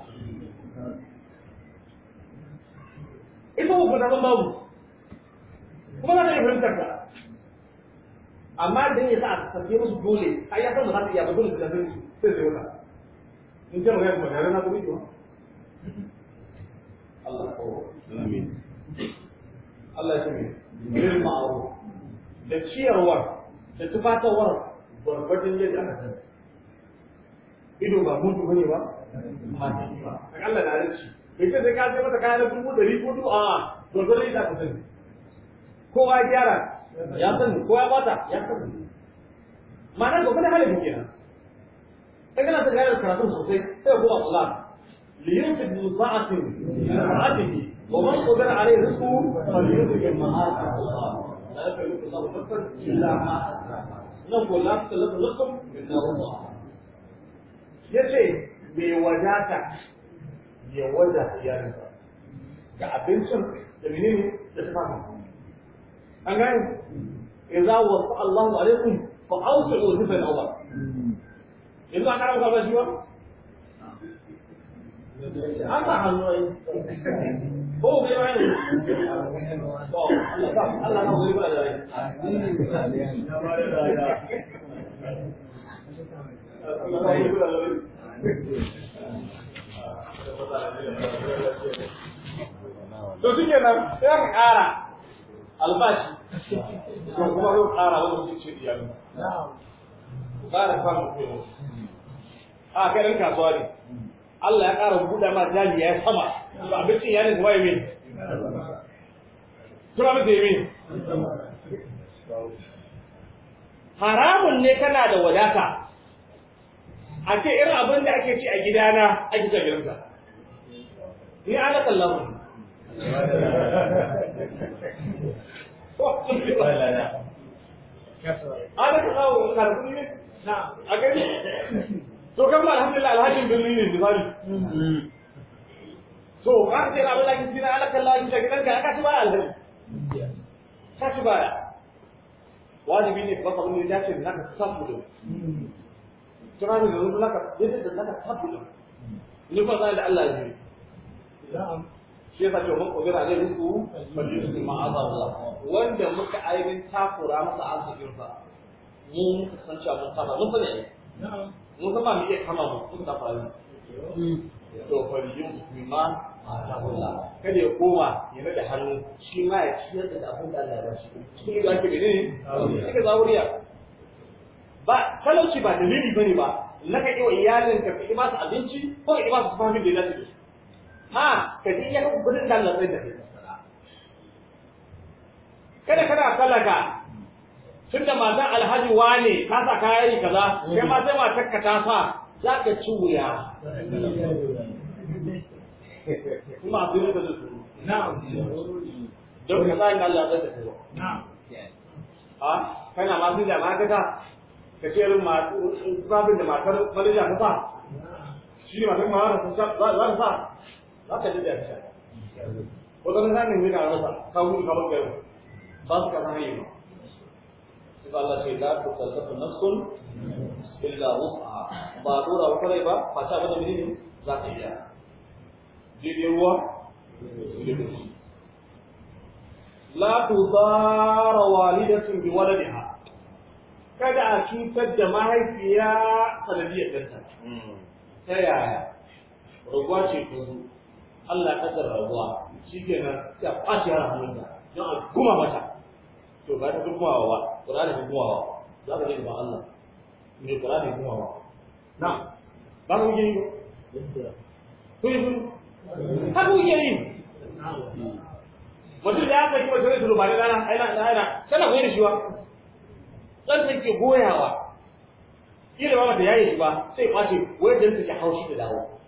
S2: ita ba ku ta san babu kuma za ta yi fahimtar ka amma da ya sa a tafiye musu dole ai ya san ba za su iya ba dole su da sani sai su yauka in ce magana kuma yare na kuma ba. Allah ko amin Allah ya sani bil ma'ruf da ciyarwar da tufatarwar gwargwadon yadda aka sani ido ba mutu bane ba amma ba Allah na rinci bai ce sai ka ce mata kayan dubu ɗari ko a gwargwadon yadda aka sani kowa gyara ya sani ko ya bata ya sani ma'ana ga kuma halin kenan ta gana ta gane karatu sosai sai ko Allah li yunfiq bi sa'atin min sa'atihi wa man qadara alayhi rizquhu falyunfiq ma ataahu Allah la yukallifu Allahu nafsan illa ma ataaha nan ko la tukallifu nafsan illa wus'aha yace mai wadata ya wada iyalinsa ga abincin da menene da tafafin an gane idza wasa Allahu alaikum fa awsi'u hifan awwal yanzu an karanta ba shi ba
S1: an ba hannu ai ko bai ba ne to Allah na goyi ba da rai to shi kenan sai an
S2: kara albashi to kuma zai ƙara wani mutum ce iyali ba da fara mutum a kai ɗan kasuwa ne Allah ya ƙara buɗa ma jami ya sama to abincin ya ne kuma ya min tura mutum ya min haramun ne kana da wadata a ce irin abin da ake ci a gidana ake ce gidansa ni ana kallon لا لا لا ana ka kawo karbi ne a gani to kan ma alhamdulillah alhajin birni ne misali to an ce abin da kisi na alaka Allah ta gidan ka aka ci ba alheri ka ci ba wajibi ne ba kuma ya ce naka sabulo kana ne da naka yadda da naka sabulo ni ba da Allah ya yi shi yasa to mun kogara zai rubu majlisun ma Allah wanda muka ainihin takura masa arzikin sa mu muka san cewa mun kama mun sani mun kama mu iya kama mu mun ta faru to ma ta azalla kada ya koma ya rage hannu shi ma ya ciyar da abin da Allah ya bashi cikin da ake menene cikin zawuriya ba talauci ba dalili bane ba naka iwa iyalinka ka ba su abinci ko ka ba su fahimin da ya dace ha ka je ya gudun sallar ɗin da kai kada kada salaka tun da mazan alhaji wane ka sa kayan kaza sai ma sai ma ka ta sa za ka ci wuya kuma abin da zai turu don ka tsayin Allah zai da turu ha kana masu da ma kaga ka ce irin zabin da matar malija ta sa shi matar ma za ta sa za ka ji da yarda wata na sanin yana rasa ba su ka sanin ba sai Allah ce la tu kallafu nafsun illa wus'a ba dora wa kai ba fa ta za ka iya ruwa kada a cutar da mahaifiya sanadiyar hmm. Ta yaya? Allah ya kaddara rabuwa nan sai a kwace har hannunta don a kuma mata to ba ta kuma wa Qur'ani da kuma wa za ka ji ba Allah me Qur'ani kuma wa na ba ku ji ku yi ha ku yi mutum da ya kai kuma shi ne rana aina aina kana yi da shi wa dan ke goyawa kila ba mata yayi shi ba sai kwace wai dan ke haushi da dawo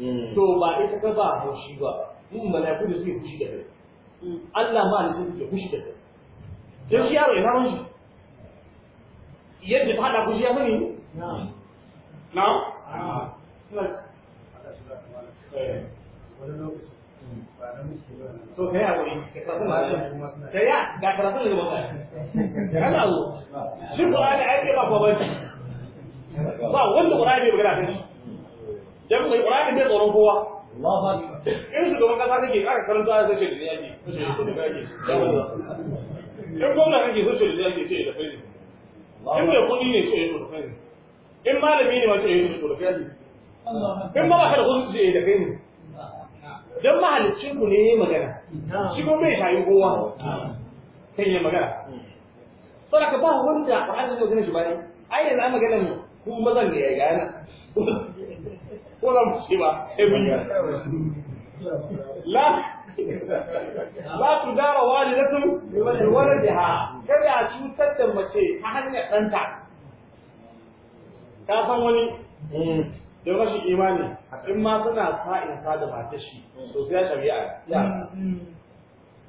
S2: Hmm. to ba ita ka ba haushi ba mun malaku da suke fushi da kai hmm. Allah ma da suke fushi da kai dan shi yaro ina rushi yadda ta hada fushi ya Na. Hmm. Na na Na. a wuri
S1: ta karatu
S2: da ya ga karatu da ba ko ai ba ba ba wanda qur'ani bai magana sai dan mai qur'ani bai tsoron kowa Allahu akbar in su gaban kasa kake aka karanta sai ce da yaki in gwamna kake sai ce da yaki ce da fari in mai kudi ne ce da fari in malami ne ma ce da fari in ba ka da kudi ce da kai ne dan mahalicin ku ne yayi magana shi kuma bai shayi kowa kan yi magana saboda ba wanda ba an zo ganin shi bane ai yanzu an magana mu ku mazan ne ya gana ko za mu ce ba sai eh, mun yi la la tu dara walidatun ha, waladiha kada a cutar da mace ta hanyar ɗanta Ta san wani mm. da rashi imani in ma suna sa in sa da mata shi to sai shari'a ya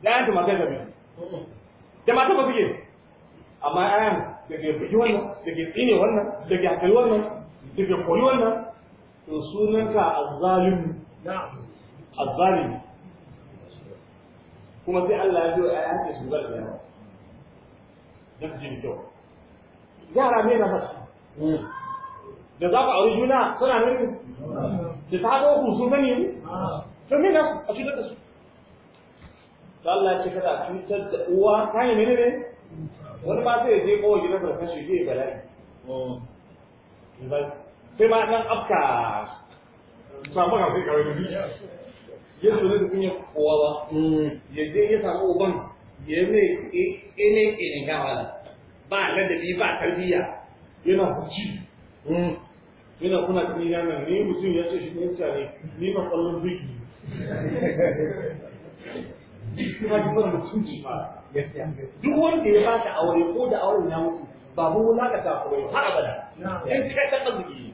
S2: na yanzu mata da da mata ba fiye, amma ayan da ke bugi wannan da ke tsine wannan da ke hakari wannan da ke kori wannan to sunanka azzalimi azzalimi kuma sai Allah ya zo a yanke su zai yawa duk jin kyau yara ne na fasu da za ku auri juna suna nan da ta haɗo ku sun gani ne to me na a cikin da su da Allah ya ce kada cutar da uwa ta yi menene wani ba sai ya je kowa gidan da kashe zai bala'i sai ma dan afka samu ga sai kawai bi ya so ne kun ya kowa ba mm, ya je ya samu uban ya ne ene ene ga wala ba ladabi ba tarbiya yana huci mm, yana kuna cikin yanar ne mutum ya ce shi ne sa ne ni ma kallon biki
S1: kuma ji fara mutunci
S2: ba duk wanda ya ba ta aure ko da auren ya mutu ba mu wulaka ta kuma har abada in kai ta arziki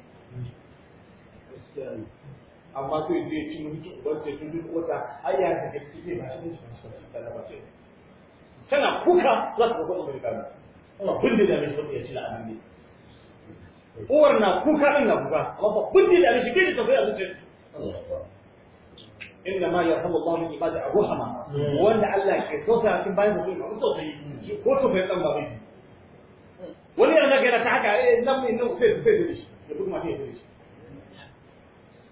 S2: amma sai zai ci mulki ubarta tun duk wata ya ga gaske ba shi ne shi ba shi ba tana kuka za ta da mishi ya ci uwar na kuka din na kuka amma fa da inna ma yarhamu min ibadi arhama wanda Allah ke so ta cikin bayan mutum ba mutum sai ko to bai san ba bai wani yana ga ta haka eh nan ne nan sai sai da shi ya kuma sai da shi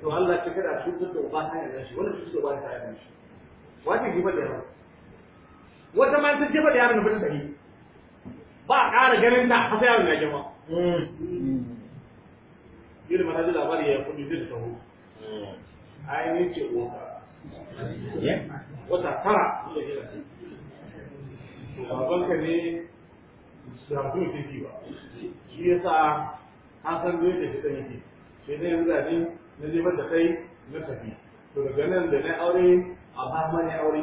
S2: to Allah ce kada cutar da uba ta yarda shi wannan cutar da uba ta yarda shi wajen jifa da yaron wata ma ta jefa da yaron na fitar da ba a ƙara ganin ta a sai yaron na girma yiri hmm. mana ji labari ya kudi zai da taho hmm. ai ne ce uwanka wata tara da ya babanka ne
S1: da mutum ke
S2: ba shi yasa an san zai da shi ɗan yake sai dai yanzu da na neman da kai na tafi to daga nan da na aure a fama
S1: ne aure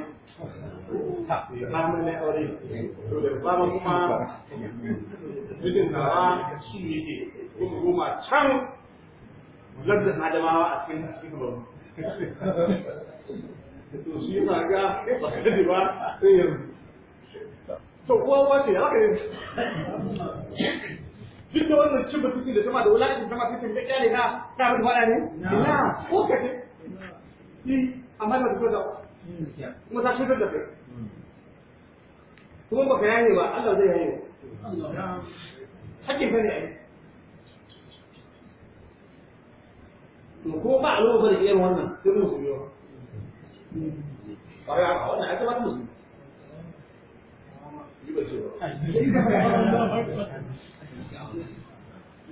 S1: fama ne aure to daga fama kuma mijin nawa
S2: shi ke kuma goma can lardin adamawa a cikin cikin mu.
S1: to shi ma ga ba ka dade ba sai yanzu
S2: to kowa wace haka yanzu duk da wannan cin mutunci da sama da wulaƙin sama ta tafi kyale na ta wada ne ina ko ka ce ni amma da ko da kuma ta shirya da kai kuma baka yaye ba Allah zai yaye hakkin bane ai mu ko ba Allah bane irin wannan sai mu yi wa a wannan ai ta ba mu yi ba ce ba [LAUGHS]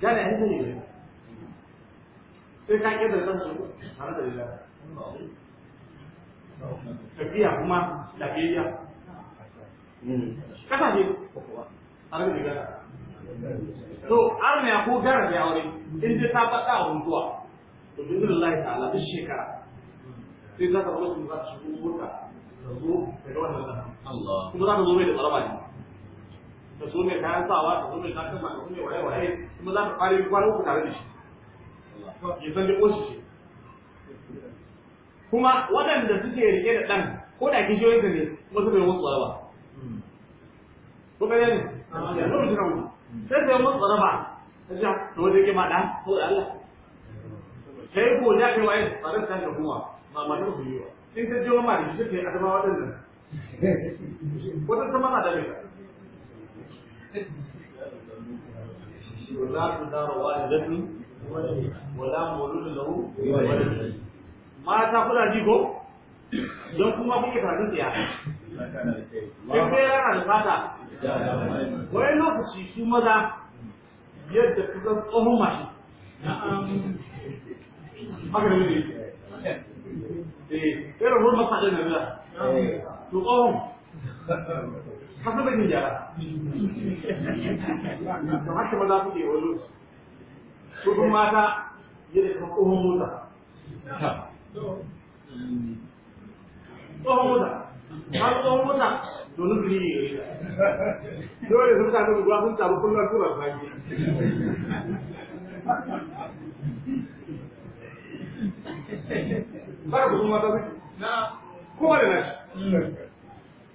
S2: gane an sani ne sai ka ƙi zartar su tare da lila tafiya kuma lafiyayya kasa hmm. ne ya ko gara ya aure in dai ta faɗa a huntuwa to bin lillahi ta'ala duk shekara sai za ka zama su za su ta mota da su mai kayan sawa da su mai takalma da su mai waye waye kuma za ka fara yi kwana uku tare da shi ya san dai oshi kuma waɗanda suke rike da ɗan ko da kishiyoyin ka ne kuma suka yi musu tsaraba ko kare ne ya nuna jira mu sai sai da musu tsaraba ta ce to wajen ke ma ɗan ko da Allah sai ko ya kai waye tsarin ta da kuma ba ma nan ku yi wa in ta je wa ma da shi sai a zama waɗannan wata sama na da bai
S1: ولا
S2: تدار والدتي ولا مولود له mata kuna ji ko don kuma kuke karatun tsaya
S1: in dai
S2: yana da fata wani lokaci su maza yadda ka zan tsohon mashi
S1: haka da wuri
S2: eh irin rumar sa ɗin na biya fasa bai jin gyara kamar shi maza kuke wani mata yadda kuma tsohon mota tsohon mota har
S1: tsohon mota domin su ne
S2: dole sun sami ruwa sun samu kullum
S1: tura ba ke kuma mata Na. Kowa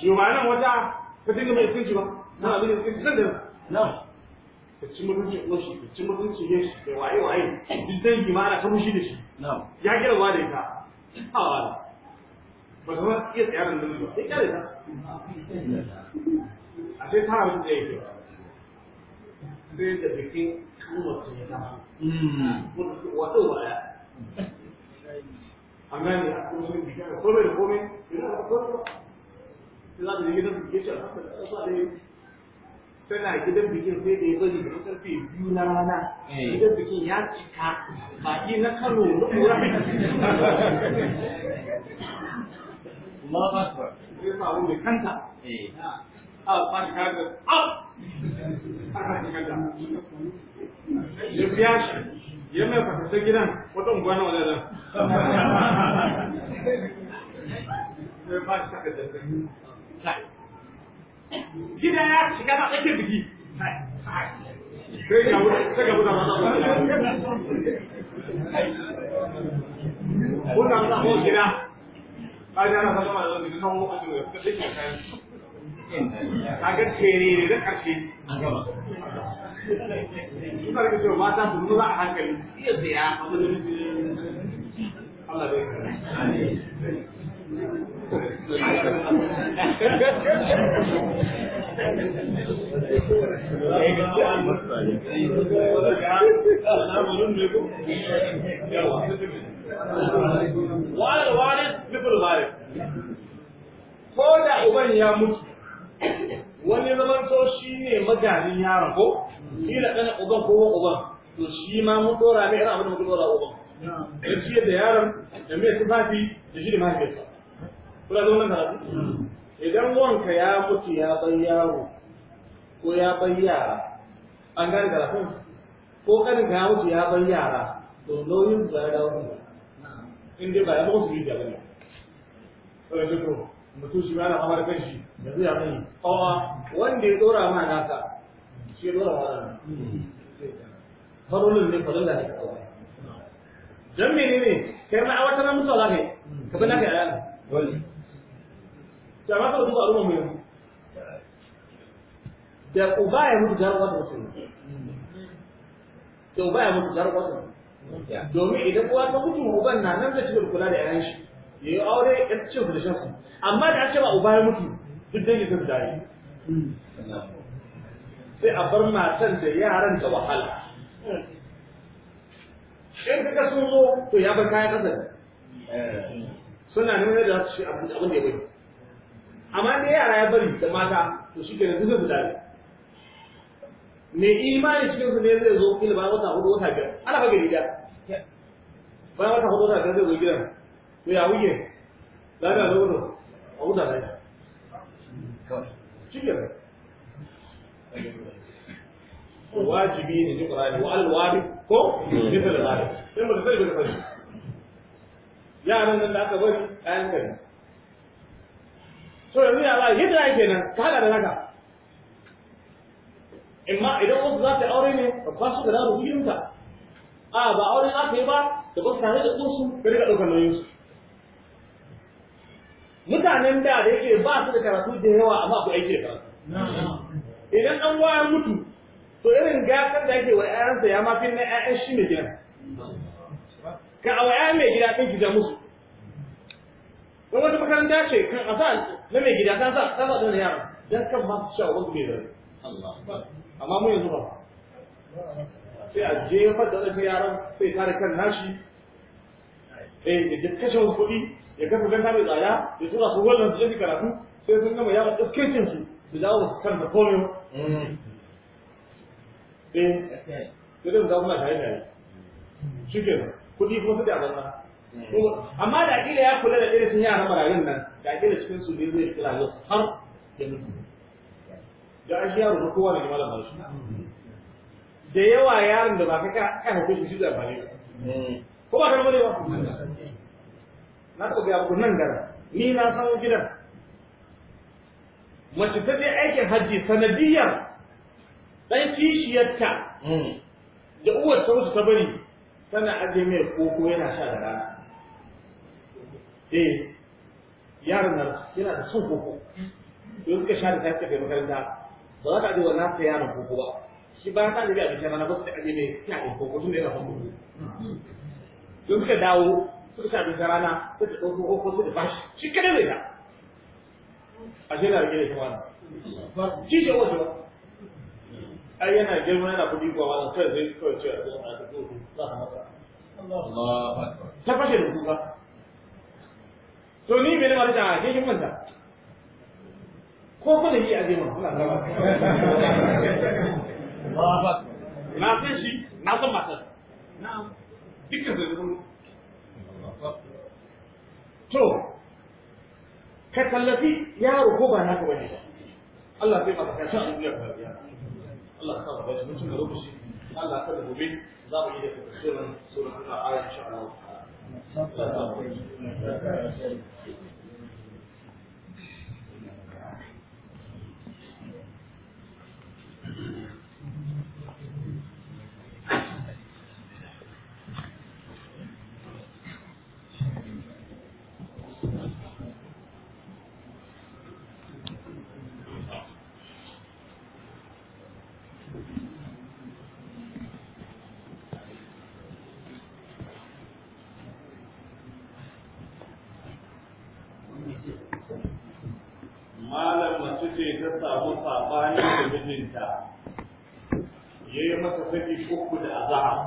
S2: shugabanin wata ka dinga mai kunci ba na abin da kunci nan da na ta ci mutunci ko shi ta ci mutunci ne shi da waye waye duk dangi ma ana ta mushi da shi ya kira wa da ita ha wala ba ta ba iya tsayarin da ba sai kare ta a sai ta abin da yake sai da bikin kuma ta ya ta hmm. wata su wata waya
S3: an gane a kuma sun bikin komai
S2: da komai yana da komai sai za ta yi gidan bikin ke shi alhamdulillah Allah ne tana gidan bikin sai da ya bari da karfe biyu na
S1: rana eh.
S2: gidan bikin ya cika baki na kano na kura Kuma ba ta sai samu mai kanta eh. a ba ta kaga a aka ta kaga ya biya shi ya mai fatasar gidan wata unguwa na wajen sai ba ta kaga gida ya shiga ta tsakiyar biki
S1: Kuna muna ko gida, ba da na zama da zai nan ko ajiye
S2: ta shi kayan. Kaga tere da karshe an gaba.
S1: Kuma da cewa mata su nuna a hankali, iya tsaya a madalin Allah bai kare. wani wani nufin
S2: mare ko da uban ya mutu wani zaman to shi ne maganin yaron ko shi da ɗan uban ko uban to shi ma mun ɗora mai irin abin da mun dora uban da shi da yaron da mai tufafi da shi da mahaifiyarsa kuna da wannan haɗu idan wanka ya mutu ya bai yaro ko ya bai yara an gane rafin ko ƙarin ka ya mutu ya bai yara to nauyin su ya dawo ne in dai ba ya mutu yi da bane sai shi ko mutu shi ba na kamar kan shi yanzu ya bane awa wanda ya dora ma ka shi dora ma farulun ne farulun ne kawai menene kai ma na wata nan mutuwa za ka yi ka bi naka yaran to amma kada su al'umma mai yanzu da uba ya mutu jarar wata mutum da uba ya mutu jarar wata domin idan uwa ta mutu uban na nan da cikin kula da yayan shi ya yi aure ya ci da shan amma da ake ba uba ya mutu duk dangi sun dare sai a bar matan da yaran da wahala in kaga sun zo to ya bar kayan kasar eh. suna nuna da su shi abin da ya bai amma da yara ya bari da mata to shi ke da duk guda ne imani cikin su ne zai zo kila bayan wata hudu wata biyar ana ka gari da bayan wata hudu wata biyar zai zo gidan to ya wuce za ka zo wurin a wuta da shi ke wajibi ne duk ƙurani wa alwari ko nufin da zari sai mutum sai da kashi yaran nan da aka bari ayan gari so yanzu ya za yadda ya kenan ka haɗa da naka imma idan wasu za ta aure ne ka su da daru gidanka a ba auren aka yi ba da ba su tare da ɗinsu ka rika ɗaukar nauyinsu mutanen da da yake ba su da karatu da yawa amma ku aiki da idan an waya mutu to irin gasar da yake wa ƴaƴansa ya mafi na ƴaƴan shi ne gina, ka a wa ƴaƴan mai gida ɗin ki musu Wani wata makaranta ce kan a sa na mai gida ta sa ta sa da yara don kan ma su sha wani mai zai amma mu yanzu ba sai a jefar da zafi yaran sai tare kan nashi eh ya kashe wasu kuɗi ya kafa ganta mai tsada ya tura su wannan su jefi karatu sai sun gama yaran iskecin su su dawo kan da komiyo mm. eh sai dai mu dawo muna tare da shi kenan kuɗi kuma su da banza amma da kila ya kula da irin yaran marayun nan da kila cikin su ne zai kula yau har ya mutu da an yaro na kowa ne malam ba shi da yawa yaron da ba ka kai hukunci shi da ba ne ko ba ka bane ba na ko ga kunan nan ni na san gidan mace ta je aikin hajji sanadiyar dan kishiyarta hmm. da uwar ta wuce ta bari tana aje mai koko yana sha da rana E, eh, yaron na yana da son koko don ka sha da ta tafi makaranta ba za ka aje wannan ta yaron koko ba shi ba ta da abin kana ba su ta aje ne suna da koko tun da yana son
S1: koko
S2: don suka dawo suka sha abin rana ta ɗauko koko ta bashi shi kada mai ta a shi yana rike da shi wani shi ce wata ba ai yana girma yana kudi kuwa wani kai zai kawai ce a zuwa a ta koko za
S1: ka masa
S2: ta fashe da kuka to ni me na da ke kin manta ko ku da yi a zai mun na san shi na san matar na'am dukkan da to ka tallafi yaro ko ba naka bane ba Allah zai maka kashi a duniyar kariya Allah ka ba shi mutum da lokaci Allah ka da gobe za mu yi da tafsirin sura Allah ayat insha Allah malam mace ce ta samu sabani da mijinta ya yi masa saki uku da azahar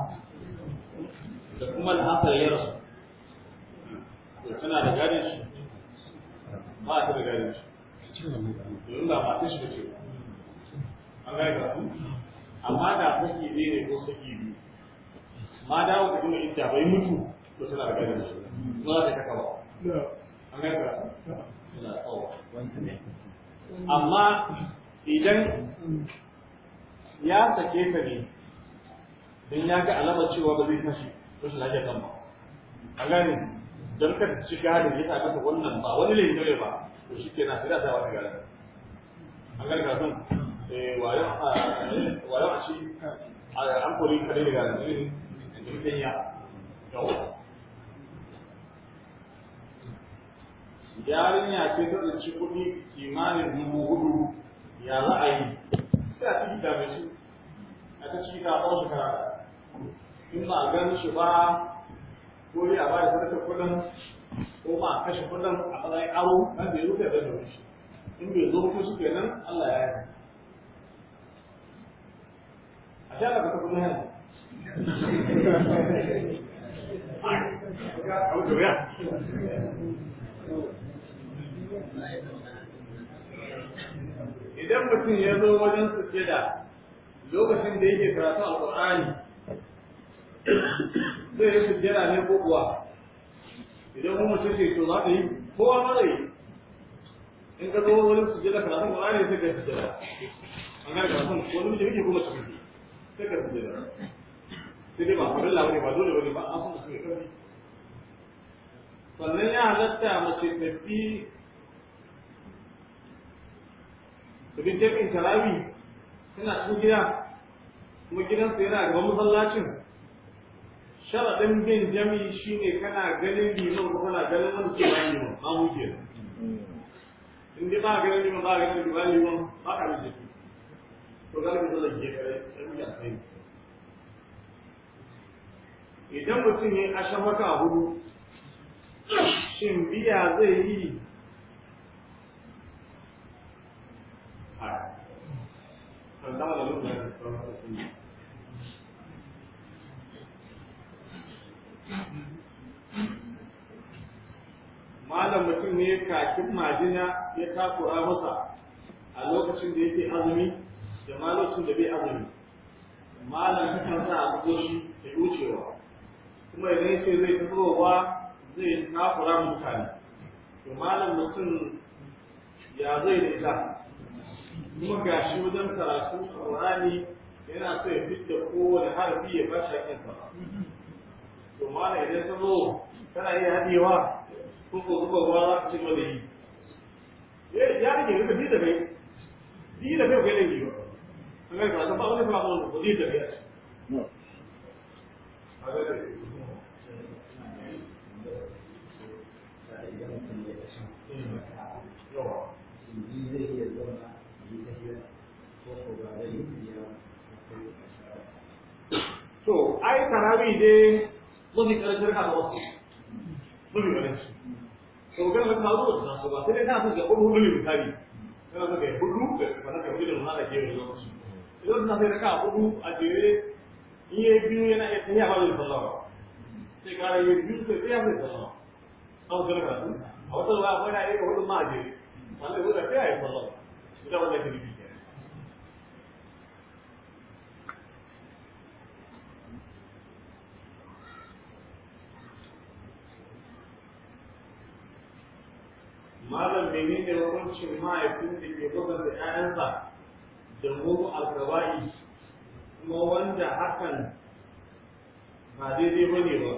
S2: da kuma al'asar ya rasu tana da gadin shi ba ta da gadin
S1: shi domin
S2: ba mata shi ba ce an gane ka amma da saki zai ne ko saki biyu ma da ka kuma ita bai mutu to tana da gani ba za ta kaka ba an ga ka tana ne amma idan ya sake ta ne don ya ga alamar cewa ba zai tashi rashin lafiya kan ba an ne don ka ci gadin ya sa mata wannan ba wani laifin ne ba to shi na sai da ta wata gadin an ka san
S1: walau a
S2: ci an da jirgin ce ta kuɗi kimanin dubu hudu ya za a yi. Sai a ciki ta In gan ko ba da kuɗin ko ma a kashe kuɗin a matsayin aro nan da ya rufe da shi. In bai zo mutu kenan Allah ya yi.
S1: idan mutum ya zo wajen sujjada lokacin
S2: da yake karatu alƙur'ani zai yi sujjada ne ko kuwa idan kuma mutum ce to za ka yi kowa mara yi in ka zo wajen sujjada karatun alƙur'ani sai ka yi sujjada an gane karatun wani mutum yake kuma sujjada sai ka sujada sai dai ba farin labari ba dole bane ba an san su ne sannan ya halatta mace tafi tafi jami'in tana cikin gida kuma gidansa yana gaban masallacin sharaɗin bin jami'i shine kana ganin liman ko kana ganin wani ke hmm. ba liman an huke in dai ba ganin liman ba ganin liman ba ka bin idan mutum ne a maka hudu shin biya zai yi malam mutum ne kakin majina ya takura masa a lokacin da yake azumi da ma lokacin da bai azumi malam kan sa a bugo shi da wucewa kuma idan yace zai fitowa zai takura mutane to malam mutum ya zai da ita kuma ga shi wajen karatun Qur'ani yana so ya fitta kowane harafi ya bashi hakin sa to malam idan ka zo kana iya hadewa ko ko zuba ruwa za ka ci gaba da yi eh, ya rage ka bi da bai bi da bai kai laifi ba mai ba ba wani ba wani ba zai tafiya to ai tarawih dai mafi karancin ka da wasu mafi karancin to ga wani kawo da su ba sai dai kana son ga hudu ne misali kana son ga hudu ga kana ga hudu da ma da ke yanzu yau suna sai raka hudu a jere yi yana iya ba sai yi wasu a na ma a ya sallama da ke nufi malam menene hukuncin mahaifin da ke ba 'ya'yansa da goro alkawai kuma wanda hakan ba daidai ba ne ba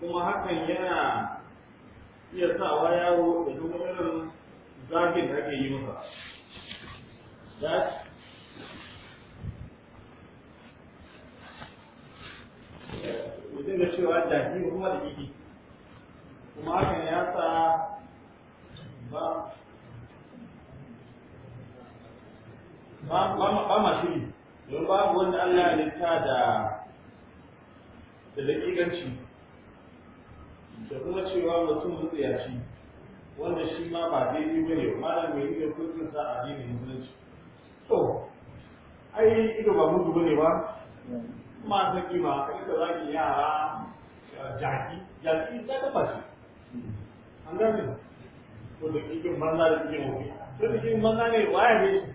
S2: kuma hakan yana iya sawa yaro da duk irin zagin da ake yi masa mutum da cewa jaki kuma da kiki kuma hakan ya sa ba ba ma shiri don babu wanda Allah ya litta da da dakikanci da kuma cewa mutum mutsayaci wanda shi ma ba daidai ba ne malam mai yi da kurkin sa a addinin musulunci to ai ido ba mutu bane ba ma ta kima kai ka zaki yara jaki jaki ta taba shi an gane ko da kike manna da kikin wani to da kike manna ne waye ne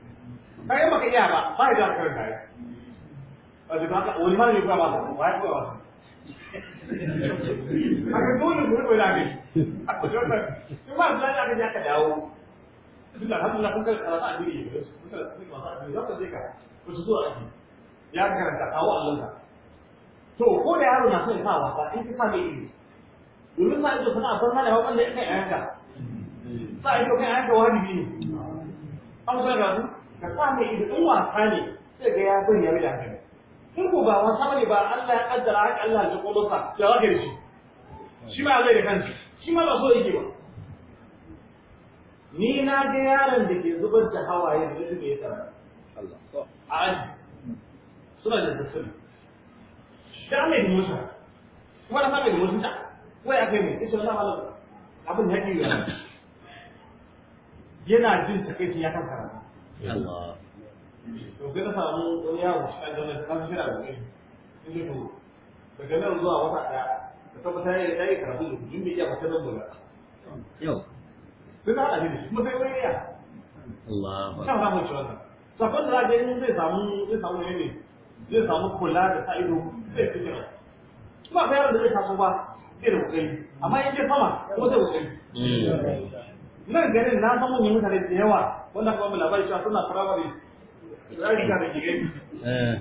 S2: kai maka iya ba ba ya da karin kaya a zuka haka wani ma ne ba ba ba ya koya ba a ga dole mu rubuta ne a ko jona in ba da aka ji aka dawo bismillah alhamdulillah kun karanta a duniya ne kun karanta a duniya zaka zai ka ku su zuwa aiki ya karanta kawo Allah ka to ko da yaro na son ya wasa in ka sa mai ilimi domin sa ido sana'a san sana hawa kan da ya kai ayanka sa ido kai ayanka wajibi ne an zo ga ka sa mai ido in wasa ne sai ga ya bari ya bi da hankali in ko ba wasa bane ba Allah ya kaddara haka Allah ya kodo sa ya zaka shi shi ma zai da kansa shi ma ba so yake ba ni na ga yaron da ke zubar da hawaye da zai ya tsara Allah a aji suna da tasiri da Allah ya musa kuma da fara da mutunta wai akai mai kace wallahi Allah abin da yake yana jin takeici ya kan karatu yawa to sai samu wani da gobe in ji to daga nan zuwa wata ka tabbata karatu da iya fata nan yau sai kuma sai wani sakon da zai samu zai samu ne zai samu kula da ido zai da zai taso ba da kokari amma in sama ko zai kokari nan garin na san manyan mutane da yawa wanda kuma labari cewa suna firamare rarika da gire eh.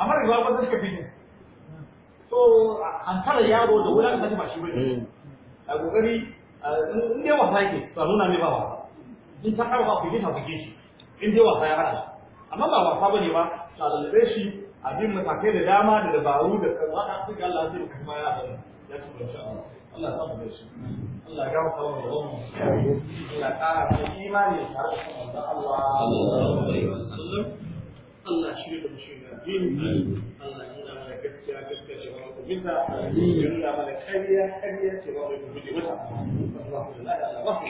S2: amma da gwamnati suka fi so an tara yaro da wurin kaji ba shi bane hmm. a kokari in dai wasa yake to nuna mai ba wasa in ta karba ku ta ku gishi in dai wasa ya hada amma ba wasa bane ba ta lalabe shi a bin matakai da dama da dabaru da kaza haka suka Allah zai kuma ya ya su insha Allah Allah ya samu da shi Allah ya gafarta wa yawan Allah ya kara da imani da tare da manzo Allah sallallahu alaihi wasallam Allah shi da shi da din
S1: Allah ya nuna mana gaskiya gaskiya ce ba ku binta ya nuna
S2: mana kariya kariya ce ba ku binta wata Allah ya Allah wasu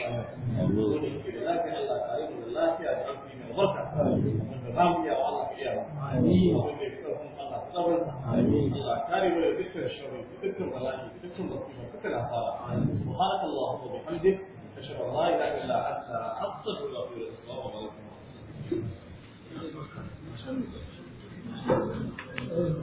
S2: Allah Allah ya lafiya Allah ya kare mu lafiya da amfani da barka wanda ba mu iya Allah ya yi amin kare mu da dukkan sharri dukkan bala'i dukkan musiba dukkan asara subhanaka allahumma wa bihamdik ashhadu an la ilaha illa anta
S4: astaghfiruka wa atubu assalamu alaikum